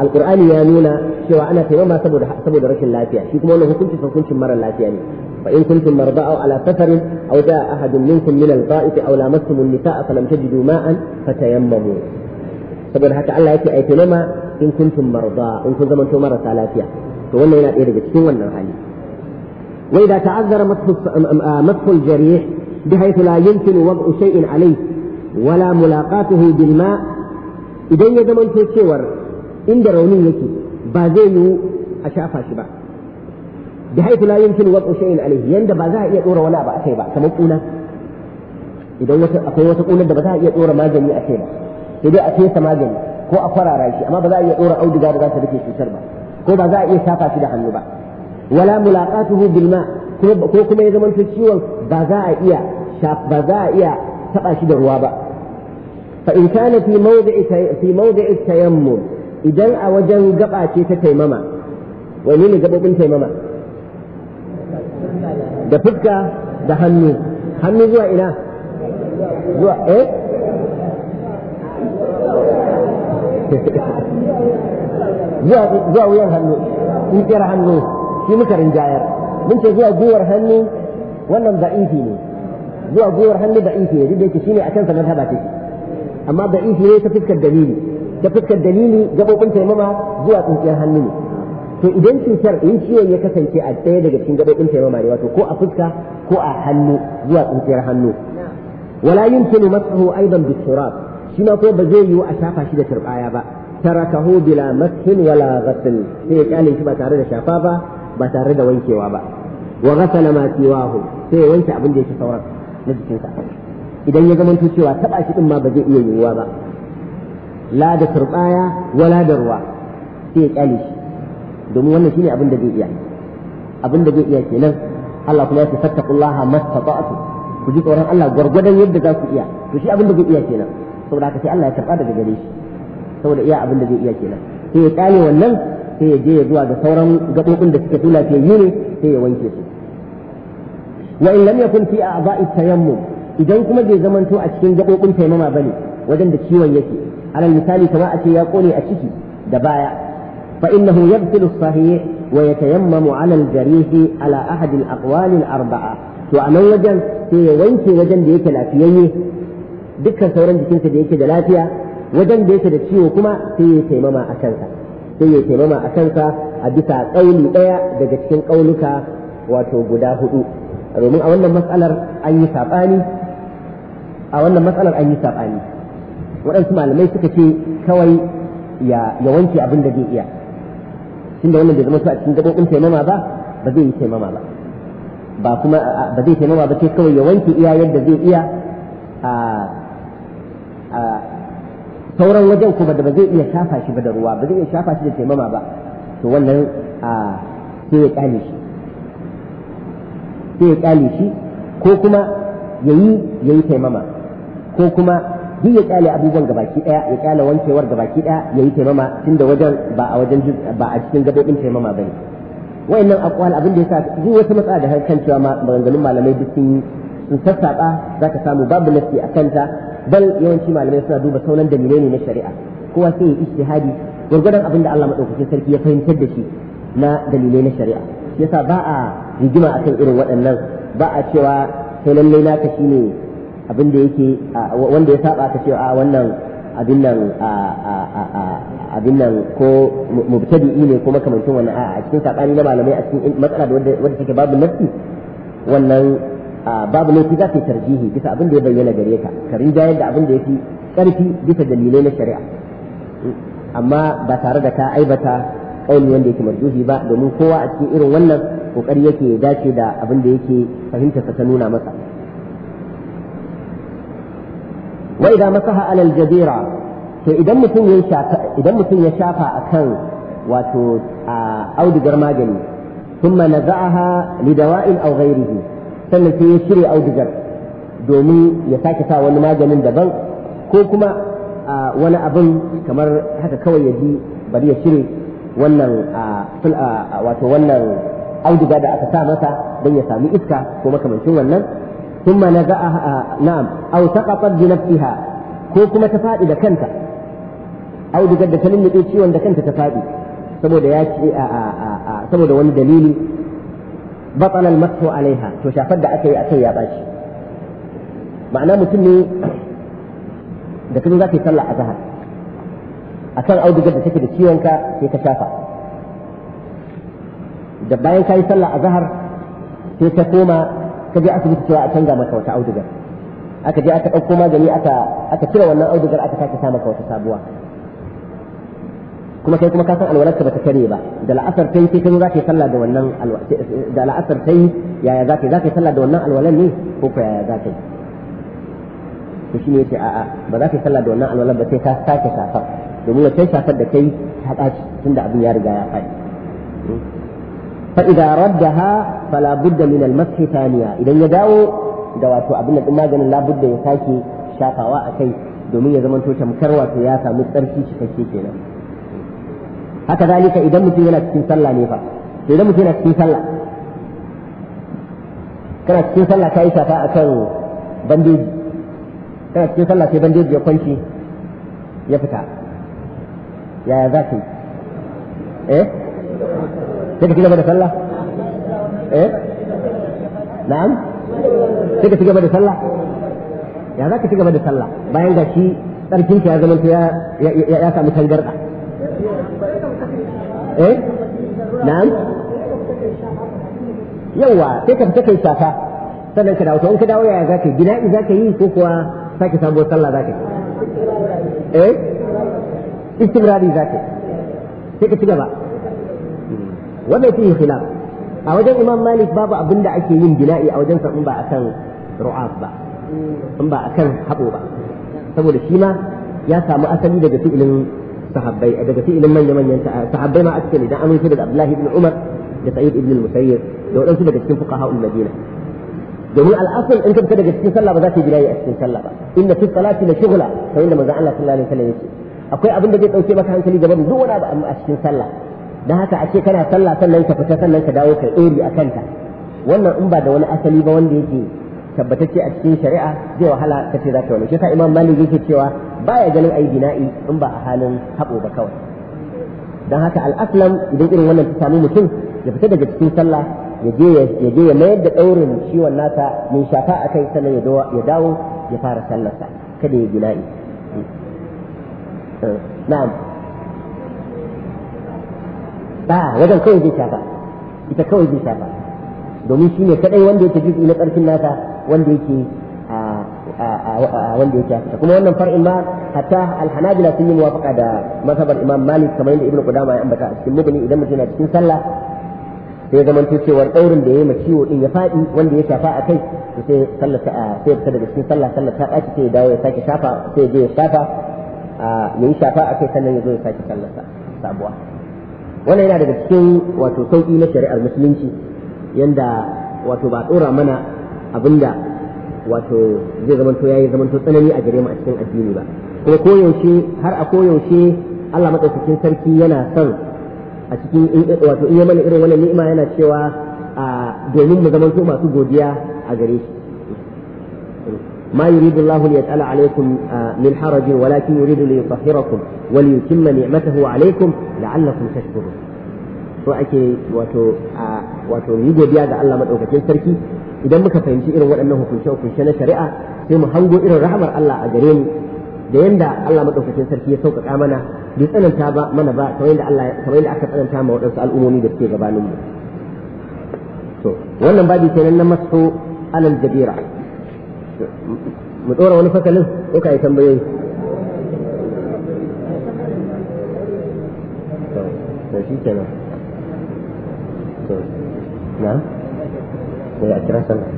alqur'ani ya nuna cewa ana taimama saboda saboda rashin lafiya shi kuma wannan hukunci hukuncin mara lafiya ne fa in kuntum marda aw ala safarin aw jaa ahadun minkum min al-ba'ith aw lamastum an-nisaa falam tajidu ma'an fatayammamu saboda haka Allah yake ai taimama in kuntum marda in kun zamanto marasa lafiya to wannan yana ɗaya daga cikin wannan hali wa idza ta'azzara masfu al-jarih بحيث لا يمكن وضع شيء عليه ولا ملاقاته بالماء إذا يزمن في الشور inda raunin yake ba zai yiwu a shafa shi ba da haifu la yumkin wad'u shay'in alayhi yanda ba za a iya dora wani abu akai ba kamar kuna idan wata akwai wata ƙunar da ba za a iya dora magani a akai ba sai dai a fesa magani ko a kwarara shi amma ba za a iya dora auduga da za ta rike cutar ba ko ba za a iya shafa shi da hannu ba wala mulaqatuhu bil ma ko kuma ya zamanto ciwon ba za a iya ba za a iya taba shi da ruwa ba fa in kana fi mawdi'i fi mawdi'i tayammum idan a wajen gaba ce ta taimama wani ne gabobin taimama da fuska da hannu hannu zuwa ina zuwa eh zuwa wuyan hannu tsira hannu shi muka rinjayar mun ce zuwa guwar hannu wannan za'ifi ne zuwa guwar hannu da'ifi ne duk da yake shine a kansa na haba take amma da'ifi ne ta fuskar dalili ta fuskar dalili gabobin taimama zuwa tsintsiyar hannu ne to idan cutar in ciwon ya kasance a ɗaya daga cikin gabobin taimama ne wato ko a fuska ko a hannu zuwa tsintsiyar hannu wala yumkinu masahu aidan bisurab shi ma ko ba zai yiwu a shafa shi da turbaya ba tarakahu bila mashin wala ghasl sai ya kyale shi ba tare da shafa ba ba tare da wankewa ba wa ghasala ma siwahu sai ya wanke abin da yake sauran na jikinsa idan ya zama cewa taba shi din ma ba zai iya yiwuwa ba لا da turbaya wala da ruwa sai ya kyale shi domin wannan shine abin da zai iya abin da zai iya kenan Allah kuma ya ce fattaqullaha mastata'tu ku ji tsoron Allah gwargwadon yadda za ku iya to shi abin da zai iya kenan saboda haka sai Allah ya karba daga gare shi saboda iya abin da zai iya kenan sai ya kyale wannan sai ya je ya zuwa ga sauran gabobin da suke tula sai yi ne sai ya wanke su wa in lam yakun fi a'dha'i tayammum idan kuma bai zamanto a cikin gaɓoɓin taimama ba ne wajen da ciwon yake alal misali kamar a ce ya kone a ciki da baya fa innahu yabtilu sahih wa yatayammamu ala al ala ahad al-aqwal al-arba'a to a nan wajen sai ya wanke wajen da yake lafiyayye dukkan sauran jikinsa da yake da lafiya wajen da yake da ciwo kuma sai ya taimama a kansa sai ya taimama a kansa a bisa ƙauli ɗaya daga cikin kauluka wato guda hudu domin a wannan matsalar an yi saɓani a wannan matsalar an yi saɓani waɗansu malamai suka ce kawai ya wanke abin da zai iya tunda wannan bai zama su a cikin gaɓoɓin taimama ba ba zai yi taimama ba ba kuma ba zai taimama ba ce kawai ya wanke iya yadda zai iya a sauran wajen kuma da ba zai iya shafa shi ba da ruwa ba zai iya shafa shi da taimama ba to wannan a sai ya kyale shi sai ya kyale shi ko kuma yayi yayi taimama ko kuma duk ya kyale abubuwan gabaki daya ya kyale wankewar gabaki daya yayi taimama tunda wajen ba a wajen ba a cikin gabobin taimama ba ne wayannan aqwal abin da yasa duk wata matsala da harkan cewa ma maganganun malamai duk sun sun sassaba zaka samu babu nafsi a kanta bal yawanci malamai suna duba sauran dalilai ne na shari'a kowa sai ya ijtihadi gurgurdan abin da Allah madaukakin sarki ya fahimtar da shi na dalilai na shari'a yasa ba a rigima akan irin waɗannan ba a cewa sai lallai naka shine abin da yake wanda ya saba ta cewa a wannan abin nan abin nan ko mubtadi'i ne ko makamancin wannan a cikin sabani na malamai a cikin matsala da wanda take babu nafsi wannan babu laifi za ka tarjihi bisa abin da ya bayyana gare ka ka rinjayar da abin da yake karfi bisa dalilai na shari'a amma ba tare da ka aibata kauli wanda yake marjuhi ba domin kowa a cikin irin wannan kokari yake dace da abin da yake fahimtarsa ta nuna masa wa idza masaha alal jazira to idan mutum ya shafa idan mutum ya shafa akan wato audugar magani thumma naza'aha li dawa'in aw ghayrihi sannan sai ya shirya audugar domin ya sake sa wani maganin daban ko kuma wani abin kamar haka kawai ya ji bari ya shirya wannan wato wannan auduga da aka sa masa don ya sami iska ko makamancin wannan ثم نزعها نعم أو سقطت بنفسها كوكما تفادي دكنت أو بجد تلم إيشي وان دكنت تفادي saboda ya ce saboda wani dalili batsal almasu alaiha to shafar da aka yi akai ya bashi ma'ana mutum ne da kuma za ka yi sallah a zahar akan audugar da take da ciwon ka sai ka shafa da bayan ka yi sallah a zahar sai ka koma Aka je asibiti cewa a canza maka wata audugar aka je aka ɗauko magani aka aka cire wannan audugar aka sake sa maka wata sabuwa kuma kai kuma ka san ba bata kare ba da la'asar kai sai kai za ka yi sallah da wannan da la'asar kai yaya za ka yi za ka yi sallah da wannan alwalan ne ko ko yaya za ka yi to shine yace a'a ba za ka yi sallah da wannan alwalan ba sai ka sake safa domin wacce shafar da kai ta ɓaci tunda abin ya riga ya faɗi فإذا ردها فلا بد من المسح ثانية إذا يداو دواتو أبنى إما جن لا بد يساكي شاقا وأكي دومية زمن توتا مكروة ياسا مستركي شكاكي كينا هكذا ذلك إذا متينا تكين صلى نيفا إذا متينا تكين صلى كانت تكين صلى كايسا فأكل بنديج كانت تكين صلى في بنديج يقنشي يفتح يا ذاكي إيه sai ka ci gaba da sallah eh na'am sai ka ci gaba da sallah ya za ka ci gaba da sallah bayan ga shi tsarkin ya zama ya ya samu tangarda eh na'am yawa sai ka fita kai shafa sannan ka dawo to in ka dawo yaya zaka yi gina'i zaka yi ko kuwa sake sabuwar sallah zaka yi eh istibrari zaka yi sai ka ci wannan fihi khilaf a wajen imam malik babu abin da ake yin bina'i a wajen in ba a kan ruaf ba in ba a kan haɓo ba saboda shi ma ya samu asali daga fi'ilin sahabbai daga fi'ilin manya manyan sahabbai ma aka ne dan amince daga abdullahi ibn umar da sa'id ibn al-musayyib da waɗansu daga cikin fuqaha madina domin al'asul in ka daga cikin sallah ba za ka yi bina'i a cikin sallah ba inda fi salati la shughla fa inna manzo Allah sallallahu alaihi wasallam yake akwai abin da zai dauke maka hankali gaban duk wani abu a cikin sallah da haka a ce kana sallah sannan ka fita sannan ka dawo ka iri a kanta wannan in ba da wani asali ba wanda yake tabbatacce a cikin shari'a zai wahala ka ce za ka wani shi imam malik yake cewa baya ganin ayi bina'i in ba a halin haɓo ba kawai don haka al'aslam idan irin wannan ta sami mutum ya fita daga cikin sallah ya je ya mayar da ɗaurin ciwon nasa mai shafa a kai sannan ya dawo ya fara sallarsa kada ya bina'i hmm. na'am ba wajen kawai zai shafa ita kawai zai shafa domin shi ne kadai wanda yake juz'i na tsarkin nasa wanda yake wanda yake haka kuma wannan far'in ma hatta alhanabila sun yi muwafaqa da mazhabar imam malik kamar yadda ibnu qudama ya ambata a cikin mubni idan mutum yana cikin sallah sai ya zamanto cewar daurin da yayi ma ciwo din ya fadi wanda ya shafa akai to sai sallah sai fita daga cikin sallah sallah ta dace sai ya dawo ya sake shafa sai ya je ya shafa ya yi shafa akai sannan ya zo ya sake sallah sabuwa wannan yana daga cikin wato sauƙi na shari'ar musulunci yanda wato ba ɗora mana abinda wato zai zamanto yayi zamanto tsanani a gare mu a cikin addini ba kuma koyaushe har a koyaushe Allah madaukakin sarki yana son a cikin wato in ya mana irin wannan ni'ima yana cewa ah, domin mu zamanto masu godiya a gare shi ما يريد الله ليجعل عليكم من حرج ولكن يريد ليطهركم وليتم نعمته عليكم لعلكم تشكرون so ake wato wato yi godiya ga Allah madaukakin sarki idan muka fahimci irin waɗannan hukunce hukunce na shari'a sai mu hango irin rahamar Allah a gare mu da yanda Allah madaukakin sarki ya sauƙaƙa mana bai tsananta ba mana ba kamar yadda Allah kamar yadda aka tsananta ma waɗansu al'ummomi da suke gabanin mu to wannan babu kenan na masu alal jabira mu tsora wani fasalin ko ka yi tambayoyi to shi kenan to na ko ya kira sallah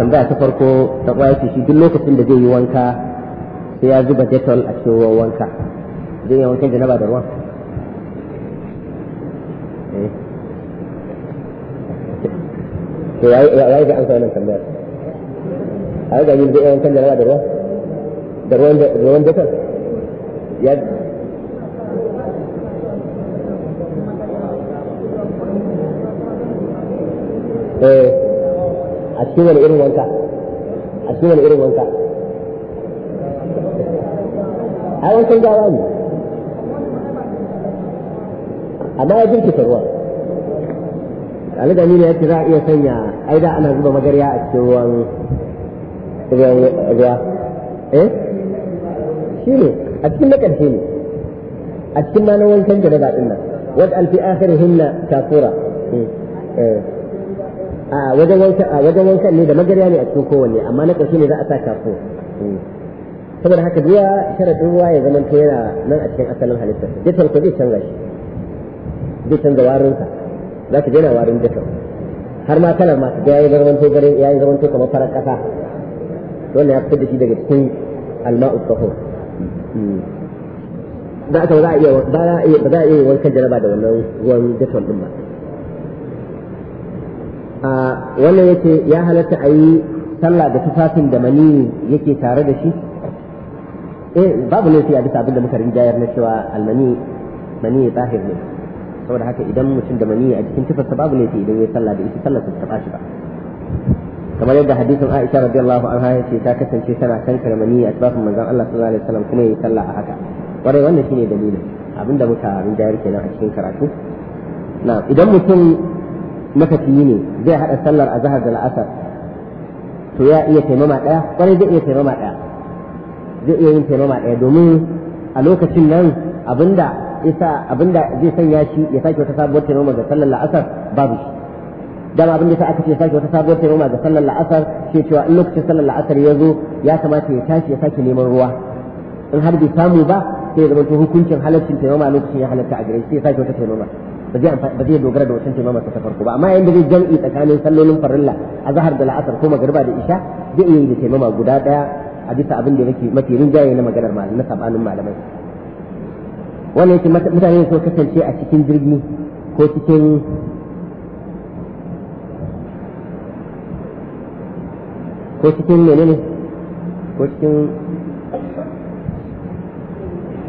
tambaya ta farko da kwaya ce shi duk lokacin da zai yi wanka sai ya zuba detol a cikin ruwan wanka zai yi wankan janaba da ruwan eh. to ya yi ga an wannan tambayar a yi yin zai yi wankan janaba da ruwan da ruwan detol ya eh a cikin wani irin wanka a cikin wani irin wanka ai wankan gawa ne amma ya jirkita ruwa Ali da ya ce za a iya sanya ai da ana zuba magarya a cikin ruwan ruwa eh shi ne a cikin na ƙarshe ne a cikin ma na wankan da na baɗin nan wadda alfi akhirin hinna kafura hmm. eh wajen wanka a wajen wankan ne da magarya ne a cikin kowanne amma na ƙarshe ne za a sa kafo hmm. saboda haka biya sharadin ruwa ya zama ta yana nan a cikin asalin halitta jitan ko zai canza shi zai canza warinsa za ka jana warin jitan har ma kalar ma ka ga yayi zamanto garin yayi zamanto kamar farar ƙasa wannan ya fi da shi daga cikin alma'u tahur hmm. ba za a iya ba za a iya wankan jaraba da wannan ruwan jitan din ba wannan yake ya halatta a yi sallah da tufafin da mani yake tare da shi eh babu laifi a bisa abin da muka rinjayar na cewa almani mani ya tsahir ne saboda haka idan mutum da mani a cikin tufarsa babu laifi idan ya sallah da ita sallah su taba shi ba kamar yadda hadisin Aisha radiyallahu anha ya ce ta kasance tana kankare mani a tufafin manzon Allah sallallahu alaihi wasallam kuma ya sallah a haka kwarai wannan shine dalilin abin da muka rinjayar kenan a cikin karatu na idan mutum matafiyi ne zai haɗa sallar a zahar da la'asar to ya iya taimama ɗaya kwarai zai iya taimama ɗaya zai iya yin taimama ɗaya domin a lokacin nan abinda isa abinda zai sanya shi ya sake wata sabuwar taimama ga sallar la'asar babu shi dama abinda sa aka ce sake wata sabuwar taimama ga sallar la'asar shi cewa in lokacin sallar la'asar ya zo ya kamata ya tashi ya sake neman ruwa in har bai samu ba sai ya zama hukuncin halaccin taimama lokacin ya halatta a gare shi ya sake wata taimama ba zai dogara da wancan taimama ta farko ba amma yayin da zai jam'i tsakanin sallolin farilla a zahar da la'asar ko magarba da isha zai iya yi da taimama guda daya a bisa abin da yake mafi rinjaye na maganar malamai na sabanin malamai wannan yake mutane so kasance a cikin jirgi ko cikin ko cikin menene ko cikin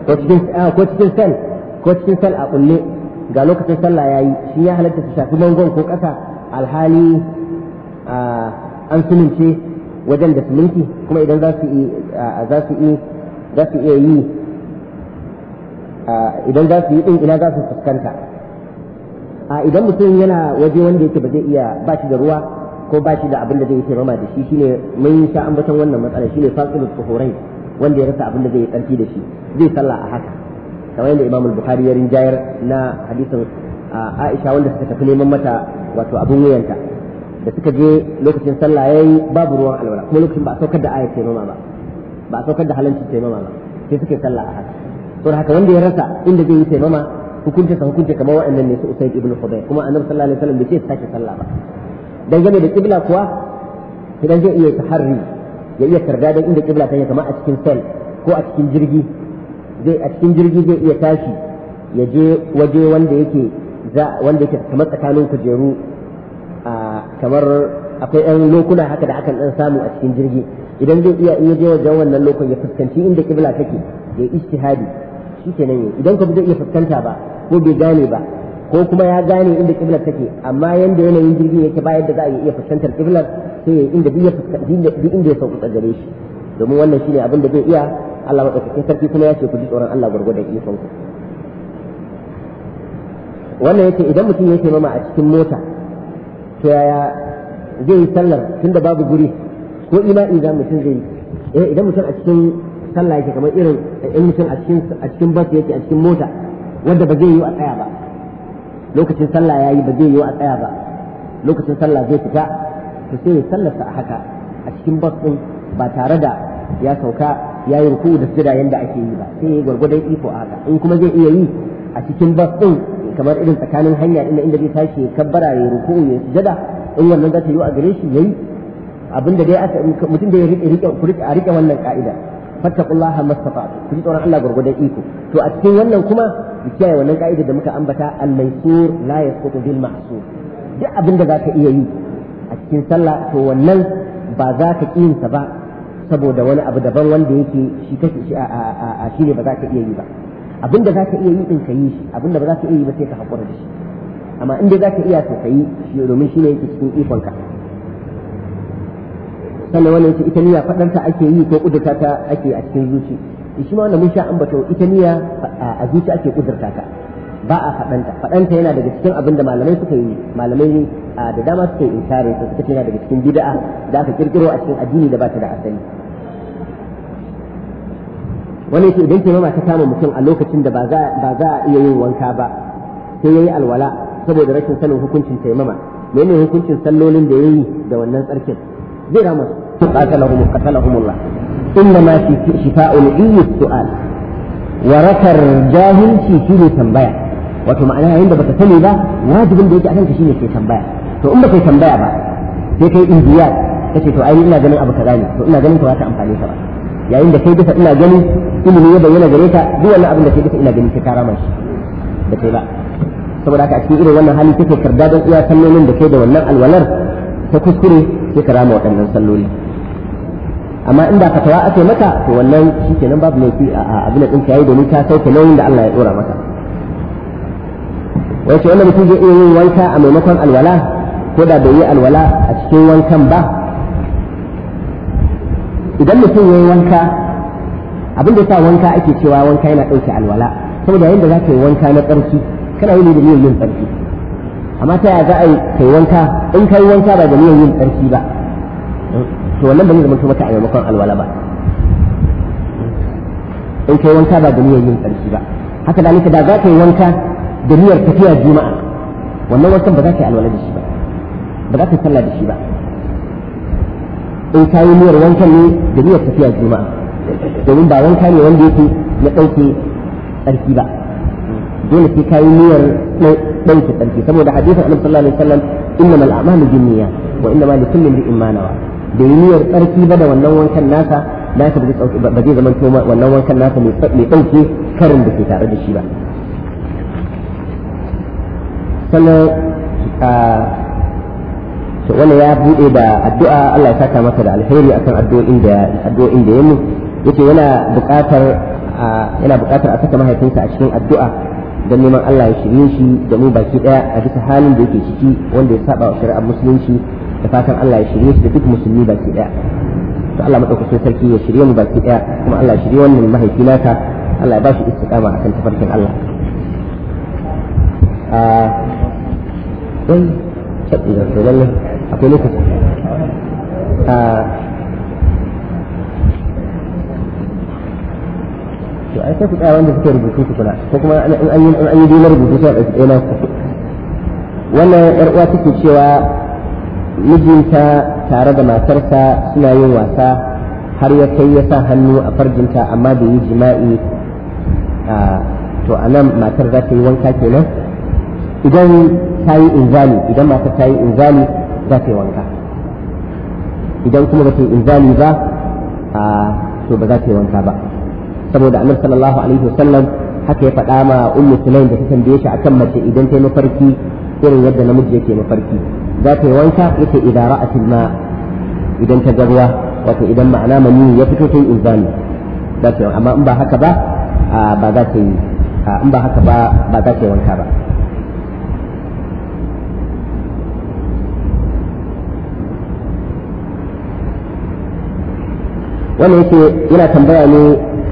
ko cikin ah, ko cikin sel ko cikin sel a kulle ga lokacin sallah ya yi shi ya halatta ta shafi bangon ko ƙasa alhali an sumince wajen da suminti kuma idan za su iya yi idan za su yi din ina za su fuskanta a idan mutum yana waje wanda yake ba zai iya ba da ruwa ko ba shi da abin da zai yi rama da shi shine mun sha ambaton wannan matsala shine fasilu horai wanda ya rasa abin da zai yi tsarki da shi zai sallah a haka kamar yadda Imam Bukhari ya rinjayar na hadisin Aisha wanda suka tafi neman mata wato abin wuyanta da suka je lokacin sallah yayi babu ruwan alwala kuma lokacin ba a saukar da ayat taimama ba ba a saukar da halancin taimama ba sai suka yi sallah a haka saboda haka wanda ya rasa inda zai yi taimama hukunta sa hukunta kamar waɗannan ne su Usayd ibn Hudayr kuma Annabi sallallahu alaihi wasallam bai ce sake sallah ba dangane da kibla kuwa idan zai iya taharri ya iya karga dan inda kibla ta yi kamar a cikin sel ko a cikin jirgi zai a cikin jirgi zai iya tashi ya je waje wanda yake za wanda yake kamar tsakanin kujeru a kamar akwai ɗan lokuna haka da akan ɗan samu a cikin jirgi idan zai iya iya je wajen wannan lokun ya fuskanci inda kibla take ya ijtihadi shikenan idan ka zai iya fuskanta ba ko bai gane ba ko kuma ya gane inda kiblar take amma yanda yanayin jirgin yake ba yadda za a iya fuskantar kiblar sai ya inda duk inda ya sauka gare shi domin wannan shine abin da zai iya Allah madaukakin sarki kuma ya ce ku ji tsoron Allah gurgurdan ikon ku wannan yake idan mutum ya taimama a cikin mota to yaya zai yi sallar tunda babu guri ko ina za mutum zai eh idan mutum a cikin sallah yake kamar irin in mutum a cikin a cikin bus yake a cikin mota wanda ba zai yi a tsaya ba lokacin sallah yayi ba zai yi a tsaya ba lokacin sallah zai fita to sai sallarsa a haka a cikin bus din ba tare da ya sauka ya yi ruku da sujada yanda ake yi ba sai ya gwargwadon iko a haka in kuma zai iya yi a cikin bas din kamar irin tsakanin hanya inda inda zai tashi ya kabbara ya ruku ya sujada in wannan za ta yi a gare shi yayi abin da dai aka mutum da ya rike rike a rike wannan ka'ida fattakullah mastafa ku ji tsoron Allah gwargwadon iko to a cikin wannan kuma kiyaye wannan ka'ida da muka ambata al-maisur la yasqutu bil ma'sur duk abin da za ka iya yi a cikin sallah to wannan ba za ka ƙi ba saboda wani abu daban wanda yake shi kake shi a shi ne ba za ka iya yi ba abin da za ka iya yi din ka yi shi abin da ba za ka iya yi ba sai ka haƙura da shi amma inda za ka iya to ka yi shi domin shi ne yake cikin ikonka sannan wannan ita ita niyya ta ake yi ko kudurta ta ake a cikin zuci shi ma wannan mun sha ambato ita niyya a zuci ake kudurta ta ba a faɗanta faɗanta yana daga cikin abin da malamai suka yi malamai da dama suka yi inkarin su suka ce yana daga cikin bid'a da aka kirkiro a cikin addini da ba ta da asali wani yake idan kimama ta kama mutum a lokacin da ba za a iya yin wanka ba sai yayi alwala saboda rashin sanin hukuncin taimama menene hukuncin sallolin da yayi da wannan tsarkin zai rama su qatalahum qatalahumullah inna ma fi shifa'ul iyyi su'al warakar jahilci shine tambaya wato ma'ana yayin da baka sani ba wajibin da yake a kanka shine kai tambaya to in baka tambaya ba sai kai indiya kace to ai ina ganin abu kaza ne to ina ganin ka wata amfani ka ba yayin da kai duka ina gani ilimi ya bayyana gare ka duk wannan abin da kai duka ina gani sai ka rama shi da kai ba saboda haka a cikin irin wannan hali kake karda da iya sallolin da kai da wannan alwalar ta kuskure sai ka rama waɗannan salloli amma inda fatawa ake maka to wannan shikenan babu laifi a abin da ɗin ka domin ka sauke nauyin da Allah ya ɗora maka wai ce wanda mutum zai iya yin wanka a maimakon alwala ko da bai yi alwala a cikin wankan ba idan mutum ya yi wanka abin da sa wanka ake cewa wanka yana ɗauke alwala saboda yadda za ka yi wanka na ƙarfi kana yi ne da niyyar yin tsarki amma ta yaya za a yi kai wanka in yi wanka ba da niyyar yin tsarki ba to wannan ba zai zama maka a maimakon alwala ba in yi wanka ba da niyyar yin tsarki ba haka da da za ka yi wanka da niyyar tafiya juma'a wannan wankan ba za ka yi alwala da shi ba ba za ka yi sallah da shi ba in ka yi niyyar wankan ne da niyyar tafiya juma'a domin ba wanka ne wanda yake na ɗauke tsarki ba dole sai ka yi niyyar ɗauke tsarki saboda hadisin annabi sallallahu alaihi wasallam innama al'amalu binniyat wa innama likulli imrin ma nawa da yi niyyar tsarki ba da wannan wankan nasa nasa ba zai zama wannan wankan nasa mai ɗauke karin da ke tare da shi ba sannan wani ya bude da addu'a Allah ya saka masa da alheri akan kan addu'o'in da ya yace yana buƙatar yana buƙatar a saka mahaifinsa a cikin addu'a don neman Allah ya shirye shi da mu baki daya a bisa halin da yake ciki wanda ya saba wa shari'ar musulunci da fatan Allah ya shirye shi da duk musulmi baki daya to Allah madaukakin sarki ya shirye mu baki daya kuma Allah ya shirye wannan mahaifi naka Allah ya ba shi istiqama akan tafarkin Allah dai sabbi da sai lalle akwai lokaci a to ai sai ku tsaya wanda suke rubutu su kula ko kuma an yi an yi dole rubutu sai a ɗauki ɗaya ku wannan yar uwa take cewa mijinta tare da matarsa suna yin wasa har ya kai ya sa hannu a farjinta amma bai yi jima'i a to anan matar za ta yi wanka kenan idan ta yi inzali idan mata ta yi inzali za ta yi wanka idan kuma ba ta yi inzali ba a to ba za ta yi wanka ba saboda annabi sallallahu alaihi wasallam haka ya faɗa ma ummu sulaim da ta tambaye shi akan mace idan ta yi mafarki irin yadda namiji yake mafarki za ta yi wanka yace idan ra'atil ma idan ta ga ruwa wato idan ma'ana mani ya fito ta yi inzali za ta yi amma in ba haka ba ba za ta yi in ba haka ba ba za ta yi wanka ba wannan yake yana tambaya ne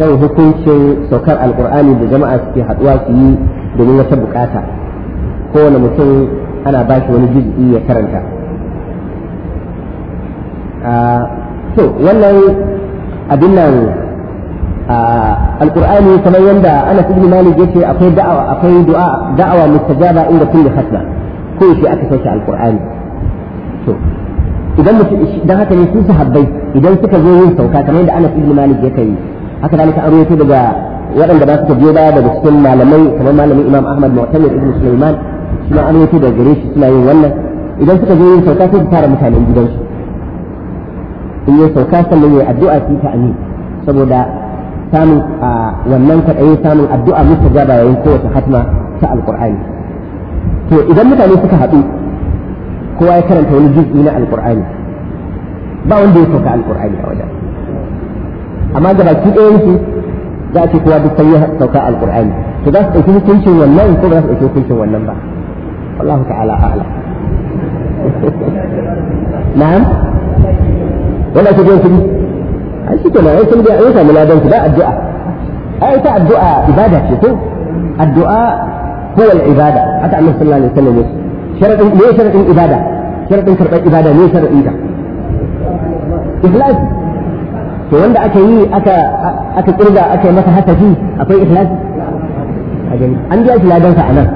kan hukuncin saukar alkur'ani da jama'a suke haɗuwa su yi domin wata bukata kowane mutum ana ba shi wani juz'i ya karanta to wannan abin nan alkur'ani kamar yadda ana fi malik yace akwai da'awa akwai du'a da'awa mustajaba inda kulli khatna ko yace aka sauke alkur'ani to idan mutum dan haka ne su sahabbai idan suka zo yin sauka kamar yadda Anas ibn Malik yake yi haka zalika an rawaito daga waɗanda ba suka biyo baya daga cikin malamai kamar malamin Imam Ahmad Mu'tamir ibn Sulaiman kuma an rawaito daga gare shi suna yin wannan idan suka zo yin sauka sai su fara mutanen gidansu in yi sauka sannan ya addu'a su ta amin saboda samun wannan kaɗai samun addu'a ta gaba yayin kowace hatma ta alqur'ani to idan mutane suka haɗu kowa ya karanta wani juz'i na alqur'ani ba wanda ya sauka alkur'ani a wajen amma ga baki ɗaya yake za a ce kowa duk sai ya sauka alkur'ani to za su ɗauki hukuncin wannan ko ba za su ɗauki hukuncin wannan ba Allahu ta'ala a'lam na'am wannan ke gani kuɗi an shi kenan ai sun biya an samu ladan ba addu'a ai ta addu'a ibada ce ko addu'a huwa al-ibada aka annabi sallallahu alaihi wasallam ne sharadin ne sharadin ibada sharadin karɓar ibada ne sharadin ta ikhlasi to wanda aka yi aka aka kirga aka yi masa hasafi akwai ikhlasi an biya shi ladansa a nan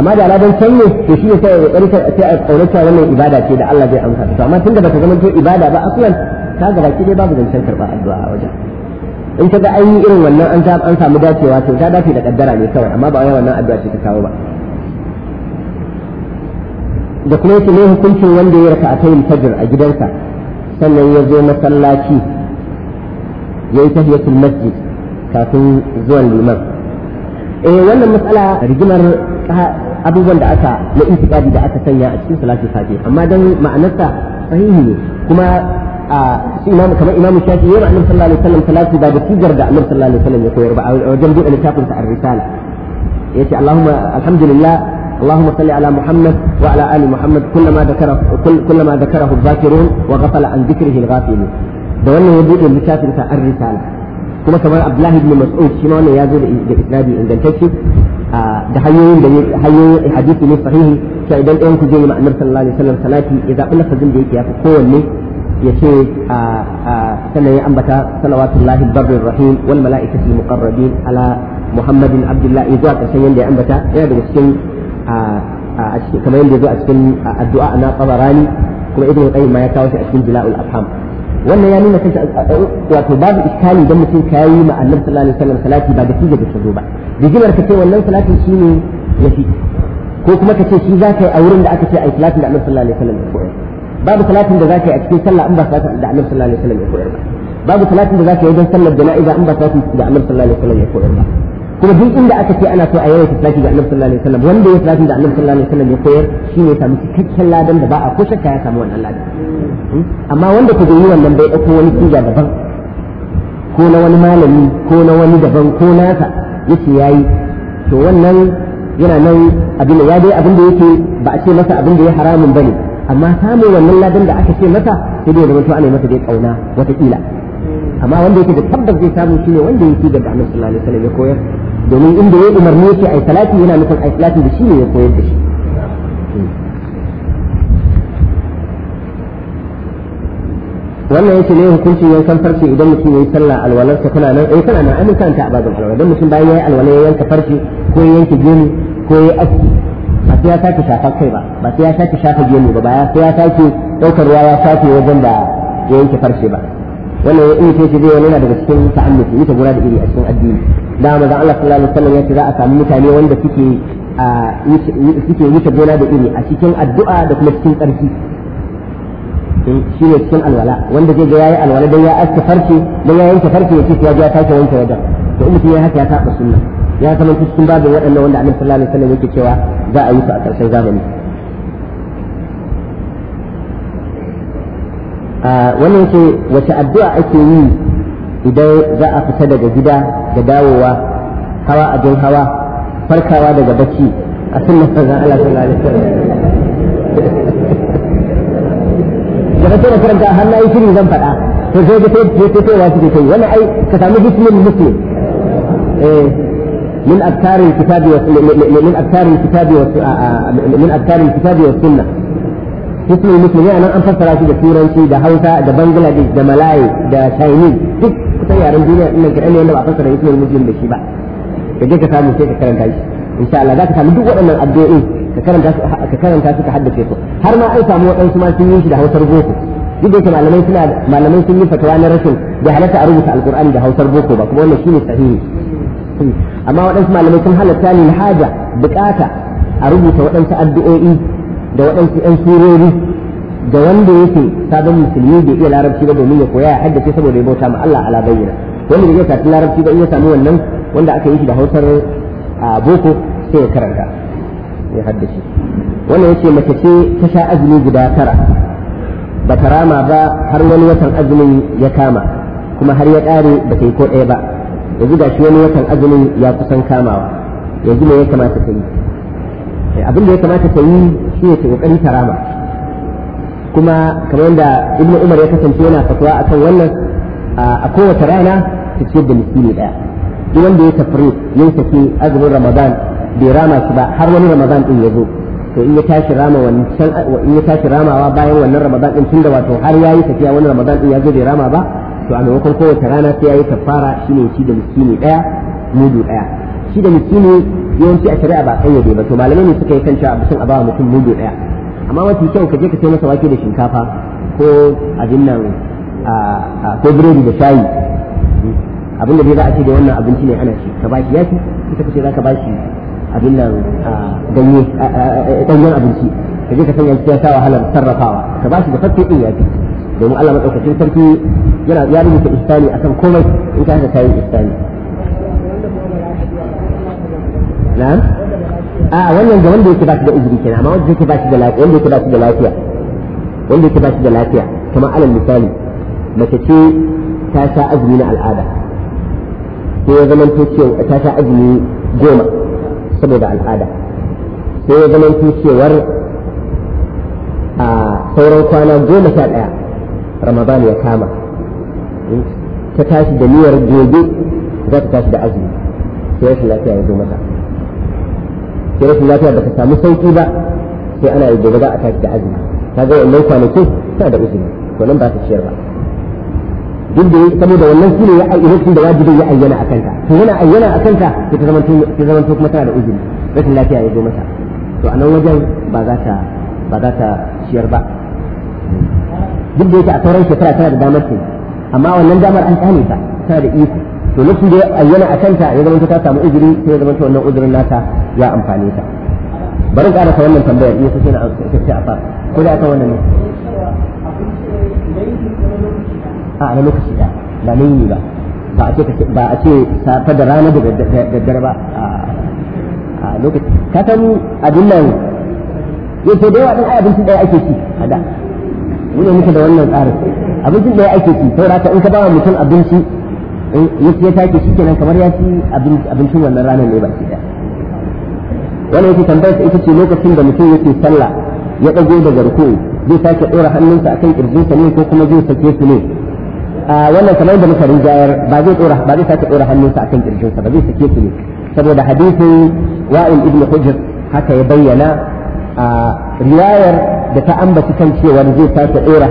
amma da ladan can ne to shi ne sai ya karka sai a kaurace wannan ibada ce da Allah zai amsa to amma tunda baka zama ibada ba akwai ka ga baki dai babu zancen karba addu'a a wajen in ka ga an yi irin wannan an ta an samu dacewa to ta dace da kaddara ne kawai amma ba wai wannan addu'a ce ta kawo ba da kuma yake ne hukuncin wanda ya raka a tayin fajr a gidansa sannan ya zo masallaci ya yi tahiyatul masjid kafin zuwan liman eh wannan matsala rigimar ah, abubuwan da aka na intiqadi da aka sanya a cikin salatul fati amma dan ma'anarsa sahihi ne kuma imamu kamar imamu shafi yana ma'anar sallallahu alaihi wasallam salatu ba da tijar da annabi sallallahu alaihi wasallam ya koyar ba a wajen buɗe littafin sa ar-risala yace allahumma alhamdulillah اللهم صل على محمد وعلى آل محمد كلما ذكره كل كلما ذكره الذاكرون وغفل عن ذكره الغافلون da wannan ya bude littafin sa an risala kuma kamar Abdullahi ibn Mas'ud shi ma wannan ya zo da isnadi ingantacce da hanyoyin da hanyoyin hadisi ne sahihi sai idan ɗayan ku je ma annabi sallallahu alaihi wasallam salati ya zaɓi zabi lafazin da yake fi kowanne ya ce sannan ya ambata salawatullahi barri rahim wal mala'ikati muqarrabin ala muhammadin abdullahi zuwa karshen yanda ya ambata yana daga cikin a cikin kamar yadda zo a cikin addu'a na tsabarani kuma ibn qayyim ma ya kawo shi a cikin jila'ul afham wannan ya nuna kanta wato babu iskali dan mutum ka ma annabi sallallahu alaihi wasallam salati ba da kije da ba wannan salatin ko kuma ka shi yi a wurin da aka ce a salatin da annabi sallallahu alaihi wasallam ya koyar babu salatin da za yi a cikin sallah an ba salatin da annabi sallallahu alaihi wasallam ya koyar ba babu salatin da za yi don sallar jana'iza an ba salatin da annabi sallallahu alaihi wasallam ya koyar ba kuma duk inda aka ce ana so a yawaita salati ga annabi sallallahu alaihi wasallam wanda ya salati da annabi sallallahu alaihi wasallam ya koyar shi ne samu cikakken ladan da ba a ko shakka ya samu wannan ladan hmm? amma wanda ta gani wannan bai ɗauko wani siga daban ko na wani malami ko na wani daban ko nasa yace yayi to wannan yana nan abin da ya dai abin da yake ba a ce masa abin da ya haramun bane amma samun wannan ladan da aka ce masa sai dai zama to ana masa dai kauna wata kila amma wanda yake da tabbas zai samu shine wanda yake da annabi sallallahu alaihi wasallam ya koyar domin inda ya umarni yake ai salati yana nufin ai salati da shi ne ya koyar da shi wannan yake ne hukunci yankan farce idan mutum yayi sallah alwalarsa tana nan eh tana nan an kanta a babin alwala dan mutum bayan yayi alwala ya yanka farce ko ya yanke gemu ko ya aski ba sai ya sake shafa kai ba ba sai ya sake shafa gemu ba ba sai ya sake daukar ruwa ya sake wajen da ya yanke farce ba wannan in ce zai yana daga cikin ta'annuki ita gura da iri a cikin addini da manzo Allah sallallahu alaihi wasallam yace za a samu mutane wanda suke suke wuce gona da iri a cikin addu'a da kuma cikin ƙarfi shi ne cikin alwala wanda zai ga yayi alwala dan ya aska farce dan ya yanke farce ya ce ya ga take wanke wajen to in mutum ya haka ya saba sunna ya zama cikin babin waɗannan wanda Annabi sallallahu alaihi wasallam yake cewa za a yi su a ƙarshen zamani wannan yake wace addu'a ake yi idan za a fita daga gida da dawowa hawa a hawa farkawa daga bacci a sunnar manzon Allah sallallahu alaihi wasallam da na karanta har nayi yi shirin zan faɗa to sai ga sai ta sai wasu kai wani ai ka samu hisnul muslim eh من أذكار الكتاب من أذكار الكتاب من أذكار الكتاب nan an fassara أنا da turanci da hausa da bangladesh da ده da chinese duk san yaren duniya din nan kaɗan ne wanda ba fasara hikimar muslim da shi ba ka je ka samu sai ka karanta shi insha Allah za ka samu duk waɗannan addu'o'i ka karanta su ka karanta su ka haddace su har ma ai samu waɗansu ma sun yi shi da hausar boko duk da yake malamai suna malamai sun yi fatawa na rashin da halatta a rubuta alqur'ani da hausar boko ba kuma wannan shine sahihi amma waɗansu malamai sun halatta ne haja bukata a rubuta waɗansu addu'o'i da waɗansu 'yan surori ga wanda yake sabon musulmi bai iya larabci ba domin ya koya ya haddace saboda ya bauta ma Allah ala bayyana wanda bai iya tafi larabci ba in ya samu wannan wanda aka yi shi da hausar boko sai ya karanta ya haddace wannan yace mace ce ta sha azumi guda tara ba ta rama ba har wani watan azumin ya kama kuma har ya kare ba ta yi ko ɗaya ba yanzu ga shi wani watan azumin ya kusan kamawa yanzu me ya kamata ta yi abin da ya kamata ta yi shi ne ta ƙoƙari ta rama kuma kamar yadda ibnu umar ya kasance yana fatwa akan wannan a kowace rana ta ciyar da miskini daya duk wanda ya tafri ya saki azumin ramadan bai rama su ba har wani ramadan din ya zo to in ya tashi rama wancan in ya tashi ramawa bayan wannan ramadan din tunda wato har yayi tafiya wani ramadan din ya zo bai rama ba to a maimakon kowace rana sai yayi kafara shine ci da miskini daya mudu daya shi da miskini yawanci a shari'a ba kayyade ba to malamai ne suka yi kan cewa a bisan a mutum mudu daya amma mafi kyau ka je ka taimaka masa wake da shinkafa ko abin nan ko biredi da shayi abin da dai za a ce da wannan abinci ne ana ci ka ba shi yaki ita ka ce za ka ba shi abin nan ganye ɗanyen abinci ka je ka sanya shi ya sa wahalar sarrafawa ka ba shi da fakke ɗin yaki domin Allah maɗaukacin sarki yana ya rubuta istani akan komai in ka haka kayan istani na'am a wannan ga wanda yake ba shi da izini kenan amma wanda yake ba shi da lafiya wanda yake ba shi da lafiya wanda yake ba shi da lafiya kamar alal misali mace ce ta sha azumi na al'ada sai ya zama to cewa ta sha azumi goma saboda al'ada sai ya zama to cewar a sauran kwana goma sha ɗaya ramadan ya kama ta tashi da niyyar gobe za ta tashi da azumi sai rashin lafiya ya zo mata sai rashin lafiya baka samu sauki ba sai ana yi gobe za a tashi da azumi kaga wannan kwanakin suna da uzuri to nan ba ta ciyar ba duk da saboda wannan shine ya ayyana da wajibin ya ayyana a kanka to yana ayyana a kanka sai ta zama ta zama kuma tana da uzumi rashin lafiya ya zo mata to a nan wajen ba za ta ba za ta ciyar ba duk da yake a sauran shekara tana da damar ce amma wannan damar an tsane ta tana da iko to lokacin da ya ayyana a kanta ya zama ta samu izini sai ya zama ta wannan uzurin nata ya amfane ta bari ƙara ta wannan tambayar iya sai na sai a fara ko da aka wannan ne a na lokaci da ba na yini ba ba a ce ba a ce safa da rana da daddare ba a lokaci ka san abin nan ce eh, da yawa din ai abincin ɗaya ake ci a da mun ne muka da wannan tsarin abincin ya ake ci saboda in ka ba mutum abinci Eh, ya tashi shi kenan kamar ya ci abincin wannan ranar ne ba shi daya wani yake tambayar sa ita ce lokacin da mutum yake sallah ya dago daga ruku zai sake dora hannunsa akan kirjinsa ne ko kuma zai sake su ne a wannan kamar da muka rinjayar ba zai dora ba zai sake dora hannunsa akan kirjinsa ba zai sake su ne saboda hadisin wa'il ibn hujr haka ya bayyana a riwayar da ta ambaci kan cewar zai sake dora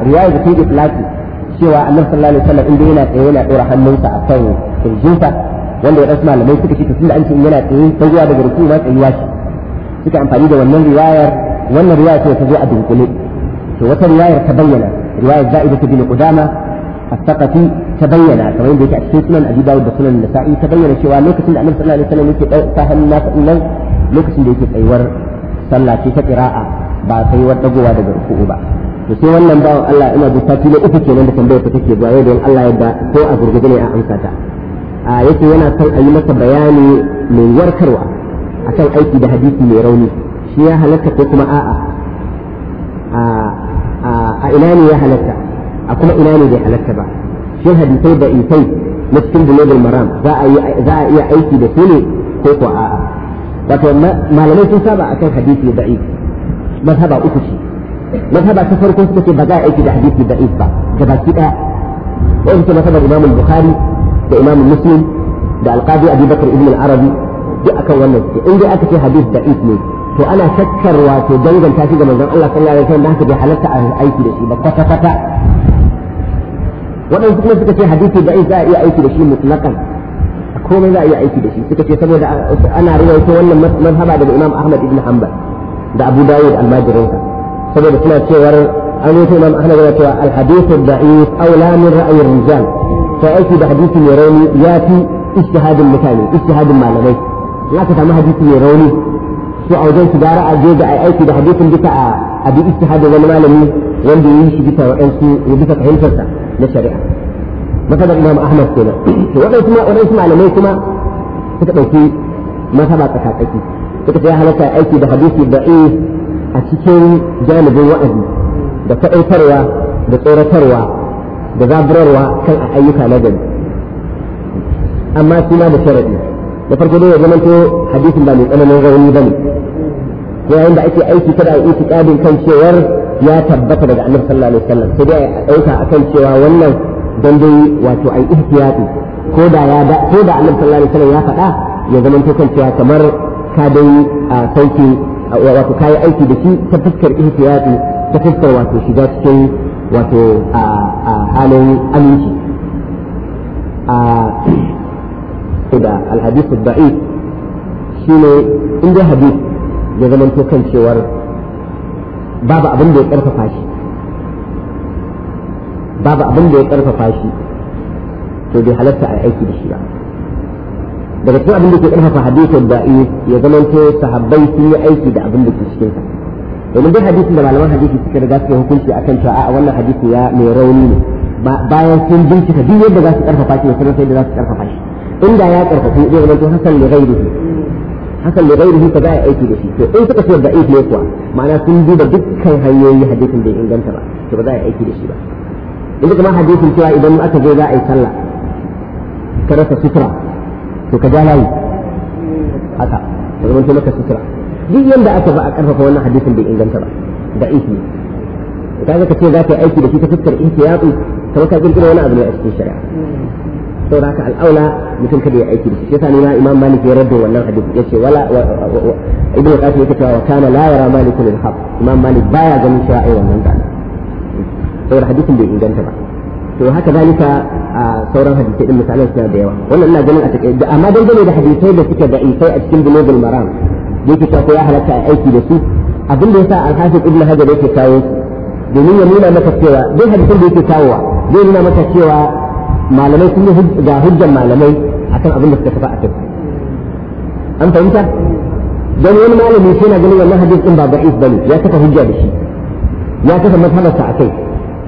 riwayar da ta yi cewa annabi sallallahu alaihi wasallam inda yana tsaye yana dora hannunsa a kan kirjinsa wanda ya dasu malamai suka ce tunda an ce yana tsaye sai zuwa daga ruku ma tsayuwa ce suka amfani da wannan riwayar wannan riwaya ce ta zo a dunkule to wata riwayar ta bayyana riwayar za'ida bin qudama as-saqafi ta bayyana kamar yadda yake a cikin sunan abi dawud da sunan nasa'i ta bayyana cewa lokacin da annabi sallallahu alaihi wasallam yake sa hannun nasa nan lokacin da yake tsayuwar sallah ce ta qira'a ba wa dagowa daga ruku'u ba to sai wannan bawan Allah ina da sati na uku kenan da tambayar ta take zuwa yau don Allah ya yadda ko a gurgurde ne a amsa ta a yake yana son a yi masa bayani mai warkarwa akan aiki da hadisi mai rauni shi ya halatta ko kuma a'a a ina ne ya halatta a kuma ina ne bai halatta ba shin hadisai da isai na cikin bulogul maram za a iya aiki da su ne ko ko a'a wato malamai sun saba a kan hadisi da isai mazhaba uku shi. mazhaba ta farko suka ce ba za a aiki da hadisi da ba ga baki daya wai suke mazhabar imam bukhari da imam muslim da alqadi abi bakr ibn al-arabi akan wannan in dai aka ce hadis da ne to ana shakkar wato danganta shi ga manzon Allah sallallahu alaihi wasallam da haka bai halatta a aiki da shi ba kwata kwata waɗansu kuma suka ce hadisi da za a iya aiki da shi mutlaqan komai za a iya aiki da shi suka ce saboda ana ruwaito wannan mazhaba daga imam ahmad ibn hanbal da abu dawud al-majrinsa سبب اثناء الشور أن يكون أحنا قلت الحديث الضعيف أو لا من رأي الرجال فأيتي بحديث يروني ياتي اجتهاد المكاني اجتهاد المعلمي لا تفهم حديث يروني شو أوجين سجارة أجيز أيتي بحديث بتاع آه، أبي اجتهاد المعلمي وندي يمشي بتاع أنسي وبتاع تحيل فرصة للشريعة ما كذا الإمام أحمد كنا وأنا اسمع وأنا اسمع على ما يسمع كتب أيتي ما سبع تحاتي كتب يا هلسة أيتي بحديث ضعيف a cikin janibin wa'azi da kaɗaitarwa da tsoratarwa da zaburarwa kan a ayyuka na gari amma suna da sharaɗi da farko dai ya zamanto hadisin ba mai tsananin rauni ba ne yayin da ake aiki kada a yi itikadin kan cewar ya tabbata daga annabi sallallahu alaihi wasallam sai dai a ɗauka akan cewa wannan dan dai wato ai ihtiyati ko da ya da ko da annabi sallallahu alaihi wasallam ya faɗa ya zamanta kan cewa kamar ka dai sauke wato kayi aiki da shi ta fuskar ihtiyati ta fuskar wato shiga cikin wato a halin aminci a da alhadis da'if shine in dai hadis ya zama to kan cewar babu abin da ya karfafa shi babu abin da ya karfafa shi to bai halatta a aiki da shi ba daga cikin abin da ke karfafa hadisin da'i ya zamanto sahabbai sun yi aiki da abin da ke cikin sa domin duk hadisin da malaman hadisi suka riga suka hukunci akan cewa a wannan hadisi ya mai rauni ne bayan sun bincika duk yadda za su karfafa shi sanar sai da za su karfafa shi inda ya karfafa zai zamanto hasan li ghairihi hasan li ghairihi ka za a aiki da shi to in suka ce da'if ne kuwa ma'ana sun duba dukkan hanyoyi hadisin bai inganta ba to ba za a aiki da shi ba inda kuma hadisin cewa idan aka zo za a yi sallah ka rasa sutura to ka ja layi haka ka zama to maka sutura duk yanda aka ba a karfafa wannan hadisin bai inganta ba da iki ne ga ka ce za ka yi aiki da shi ta fuskar yatsu kamar ka kirkira wani abu ne a cikin shari'a saboda haka al'aula mutum kada ya aiki da shi sai ne imam malik ya rabu wannan hadisi ce wala ibnu qasim yake cewa kana la yara malikun al-haq imam malik baya ganin sha'i wannan dan saboda hadisin bai inganta ba to haka zalika a sauran hadisai din misalan suna da yawa wannan ina ganin a take amma amma dangane da hadisai da suke da isai a cikin bulugul maram yake ta ko ya halatta aiki da su abin da yasa al-hafiz ibnu hajar yake kawo domin ya nuna maka cewa duk hadisin da yake kawowa zai nuna maka cewa malamai sun yi ga hujjan malamai akan abin da suka tafi a kai an fahimta dan wani malami sai na ganin wannan hadisin ba da'if bane ya kafa hujja da shi ya kafa mazhabarsa a kai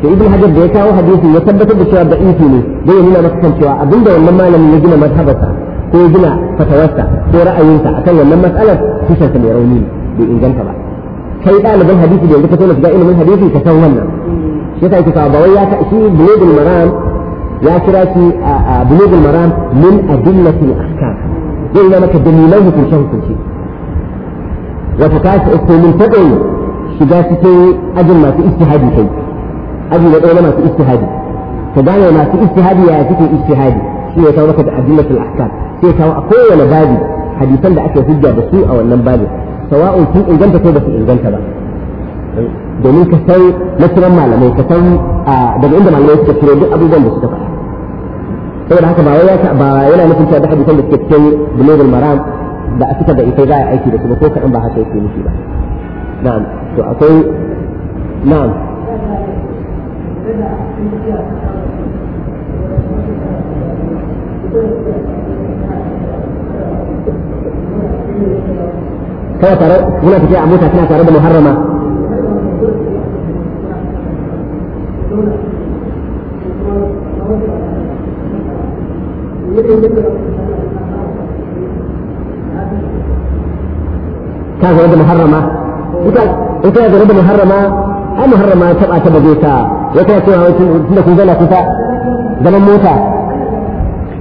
to ibn hajar da ya kawo hadisi ya tabbatar da cewa da'ifi ne dai nuna maka kan cewa abinda wannan malamin ya gina madhabarsa ko ya gina fatawarsa ko ra'ayinsa akan wannan matsalar tushensa mai rauni ne bai inganta ba kai ɗaliban hadisi da yanzu ka tona shiga ilimin hadisi ka san wannan shi yasa yake cewa ba wai ya ta shi bulugul maram ya kira shi bulugul maram min adillatil ahkam zai nuna maka dalilan hukunce hukunce wata ta ko min taɓa shiga cikin ajin masu istihadi kai aji na ɗaya na masu istihadi ka gane masu istihadi yaya suke istihadi shi ya kawo maka da adillatul ahkam sai kawo a kowane babi hadisan da ake hujja da su a wannan babin sawa'un sun inganta ko ba su inganta ba domin ka san nasiran malamai ka san daga inda malamai suka ciro duk abubuwan da suka faɗa saboda haka ba ya ba yana nufin cewa da hadisan da suke cikin bulogul maram da suka da ita za a aiki da su ba ko kaɗan ba haka yake nufi ba na'am to akwai na'am kai tare muna tafiya a mota tana tare da muharrama ta zaune da muharrama ita da muharrama ai muharram ma taba ta baje ta ya kai cewa tunda kun zauna kusa zaman mota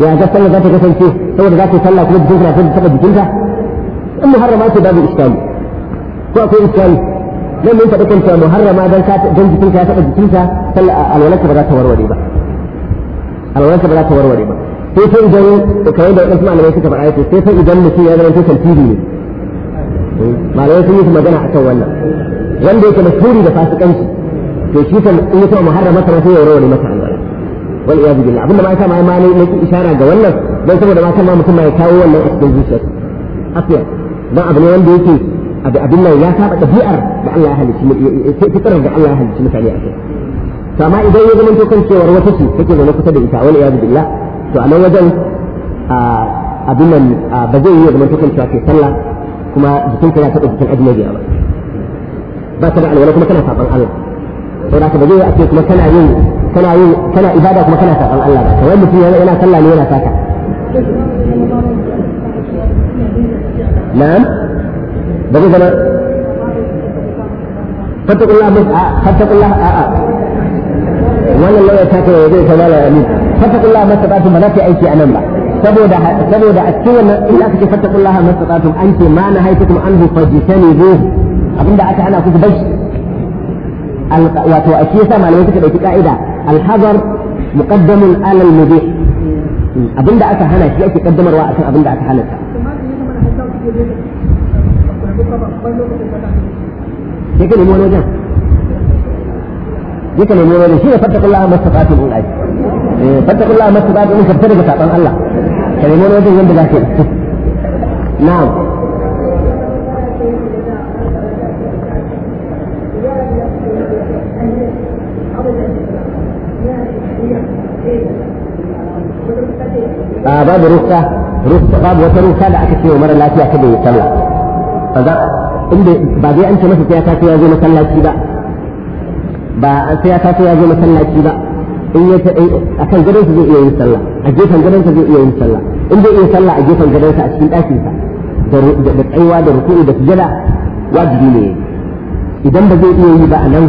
ya ga sallah za ta kasance saboda za ta sallah kuma jikinka ta taba jikinka in muharrama ce babu iskali ko akwai iskali nan mun faɗa kan cewa muharrama dan ka dan jikinka ya taba jikinka sallah alwalanka ba za ta warware ba alwalanka ba za ta warware ba sai sai idan kawai da wasu malamai suka faɗa sai sai idan mutum ya zama salfiri ne malamai sun yi magana akan wannan wanda yake mashhuri da fasikanci to shi kan in yi taɓa muharrama sa sai ya rawani mata alwala wal iyad billah abinda ma yasa ma ma ne nake isharar ga wannan dan saboda ma kan ma mutum ya kawo wannan a cikin zuciyarsa afiya dan abu ne wanda yake abu abin nan ya saba ɗabi'ar da Allah ya halicci fitrar da Allah ya halicci mutane a kai to amma idan ya zama to kan cewar wata ce take zaune kusa da ita wal iyad billah to a nan wajen a abin nan ba zai yi zama tukan cewa ke sallah kuma jikin ka ya taɓa jikin ajnabiya ba ba ta da alwala kuma kana saban Allah sai da ka ba a ce kuma kana yin kana yin kana ibada kuma kana saban Allah ba kawai mutum yana sallah ne yana saka na'am ba zai zama fattakullah fattakullah a'a wannan lauya ta kai zai ta da amin fattakullah mastata'tum ba za ta aiki a nan ba saboda saboda a cikin wannan in aka ce fattakullah mastata'tum an ce ma na kuma an bu fajitani zuhu abinda aka hana ku ku bai wato a shi yasa malamai suka dauki ka'ida alhazar hazar muqaddamun alal al abinda aka hana shi ake kaddamarwa akan abinda aka halatta sai ka nemi wani wajen ya ka nemi wani wajen shi ne fattakullaha mastata'atun in aji eh, fattakullaha mastata'atun in ka fita daga saban Allah ka nemi wani wajen yadda za ka yi na'am a babu rufsa rufsa babu wata rufsa da aka ce wa mara lafiya kada ya sallah kaza inda ba zai an ce masa sai ya taso ya zo masallaci ba ba sai ya taso ya zo masallaci ba in ya kan gadon sa zai iya yin sallah a gefen gadon sa zai iya yin sallah in bai iya sallah a gefen gadon sa a cikin ɗakin sa da tsaiwa da ruku'u da sujada wajibi ne idan ba zai iya yi ba a nan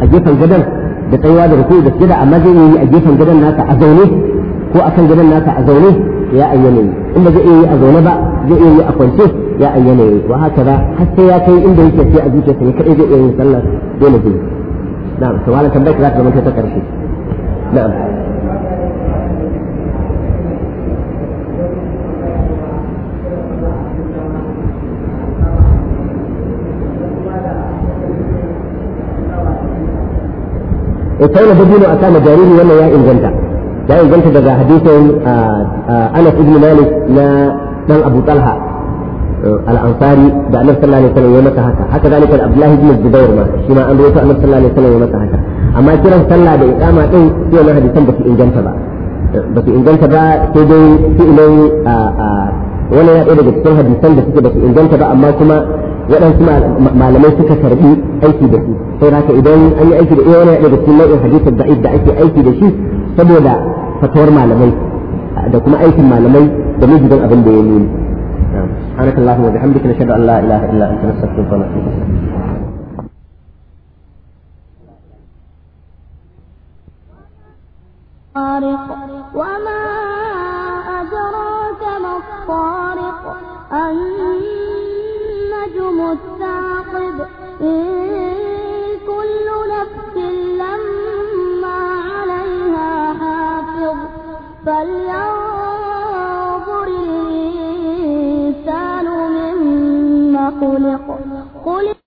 a gefen gadon da tsaiwa da ruku'u da sujada amma zai iya yi a gefen gadon nasa a zaune ko akan gadon nasa a zaune ya ayyana yi in ba zai iya yi a zaune ba zai iya yi a kwance ya ayyana yi wa haka ba har sai ya kai inda yake sai a zuciyarsa ne kadai zai iya yin sallar dole zai na'am to wannan tambayar za ta zama ta karshe na'am ya eh, dabino a sama jariri wannan ya inganta ya inganta daga hadisin ah, ah, Anas ibn Malik na dan Abu Talha eh, al-Ansari da Annabi sallallahu alaihi wasallam ya maka haka haka zalika Abdullah ibn Zubair ma shi ma an rawaito Annabi sallallahu alaihi wasallam ya masa haka amma kiran sallah da iqama din shi wannan hadisan ba su inganta ba eh, ba su inganta ba sai dai fi'ilai ah, wannan ya ɗaya daga cikin hadisan da suke ba su inganta ba amma kuma waɗansu malamai suka karɓi aiki da su sai haka idan an yi aiki da iya eh, wani ya ɗaya daga cikin nau'in hadisan da'if da ake aiki da shi saboda fatawar malamai da kuma aikin malamai da mijibin abin da ya nuni سبحانك اللهم وبحمدك نشهد ان لا اله الا انت نستغفرك ونتوب اليك وما أدراك ما الطارق النجم الثاقب إن فلينظر الإنسان مما خلق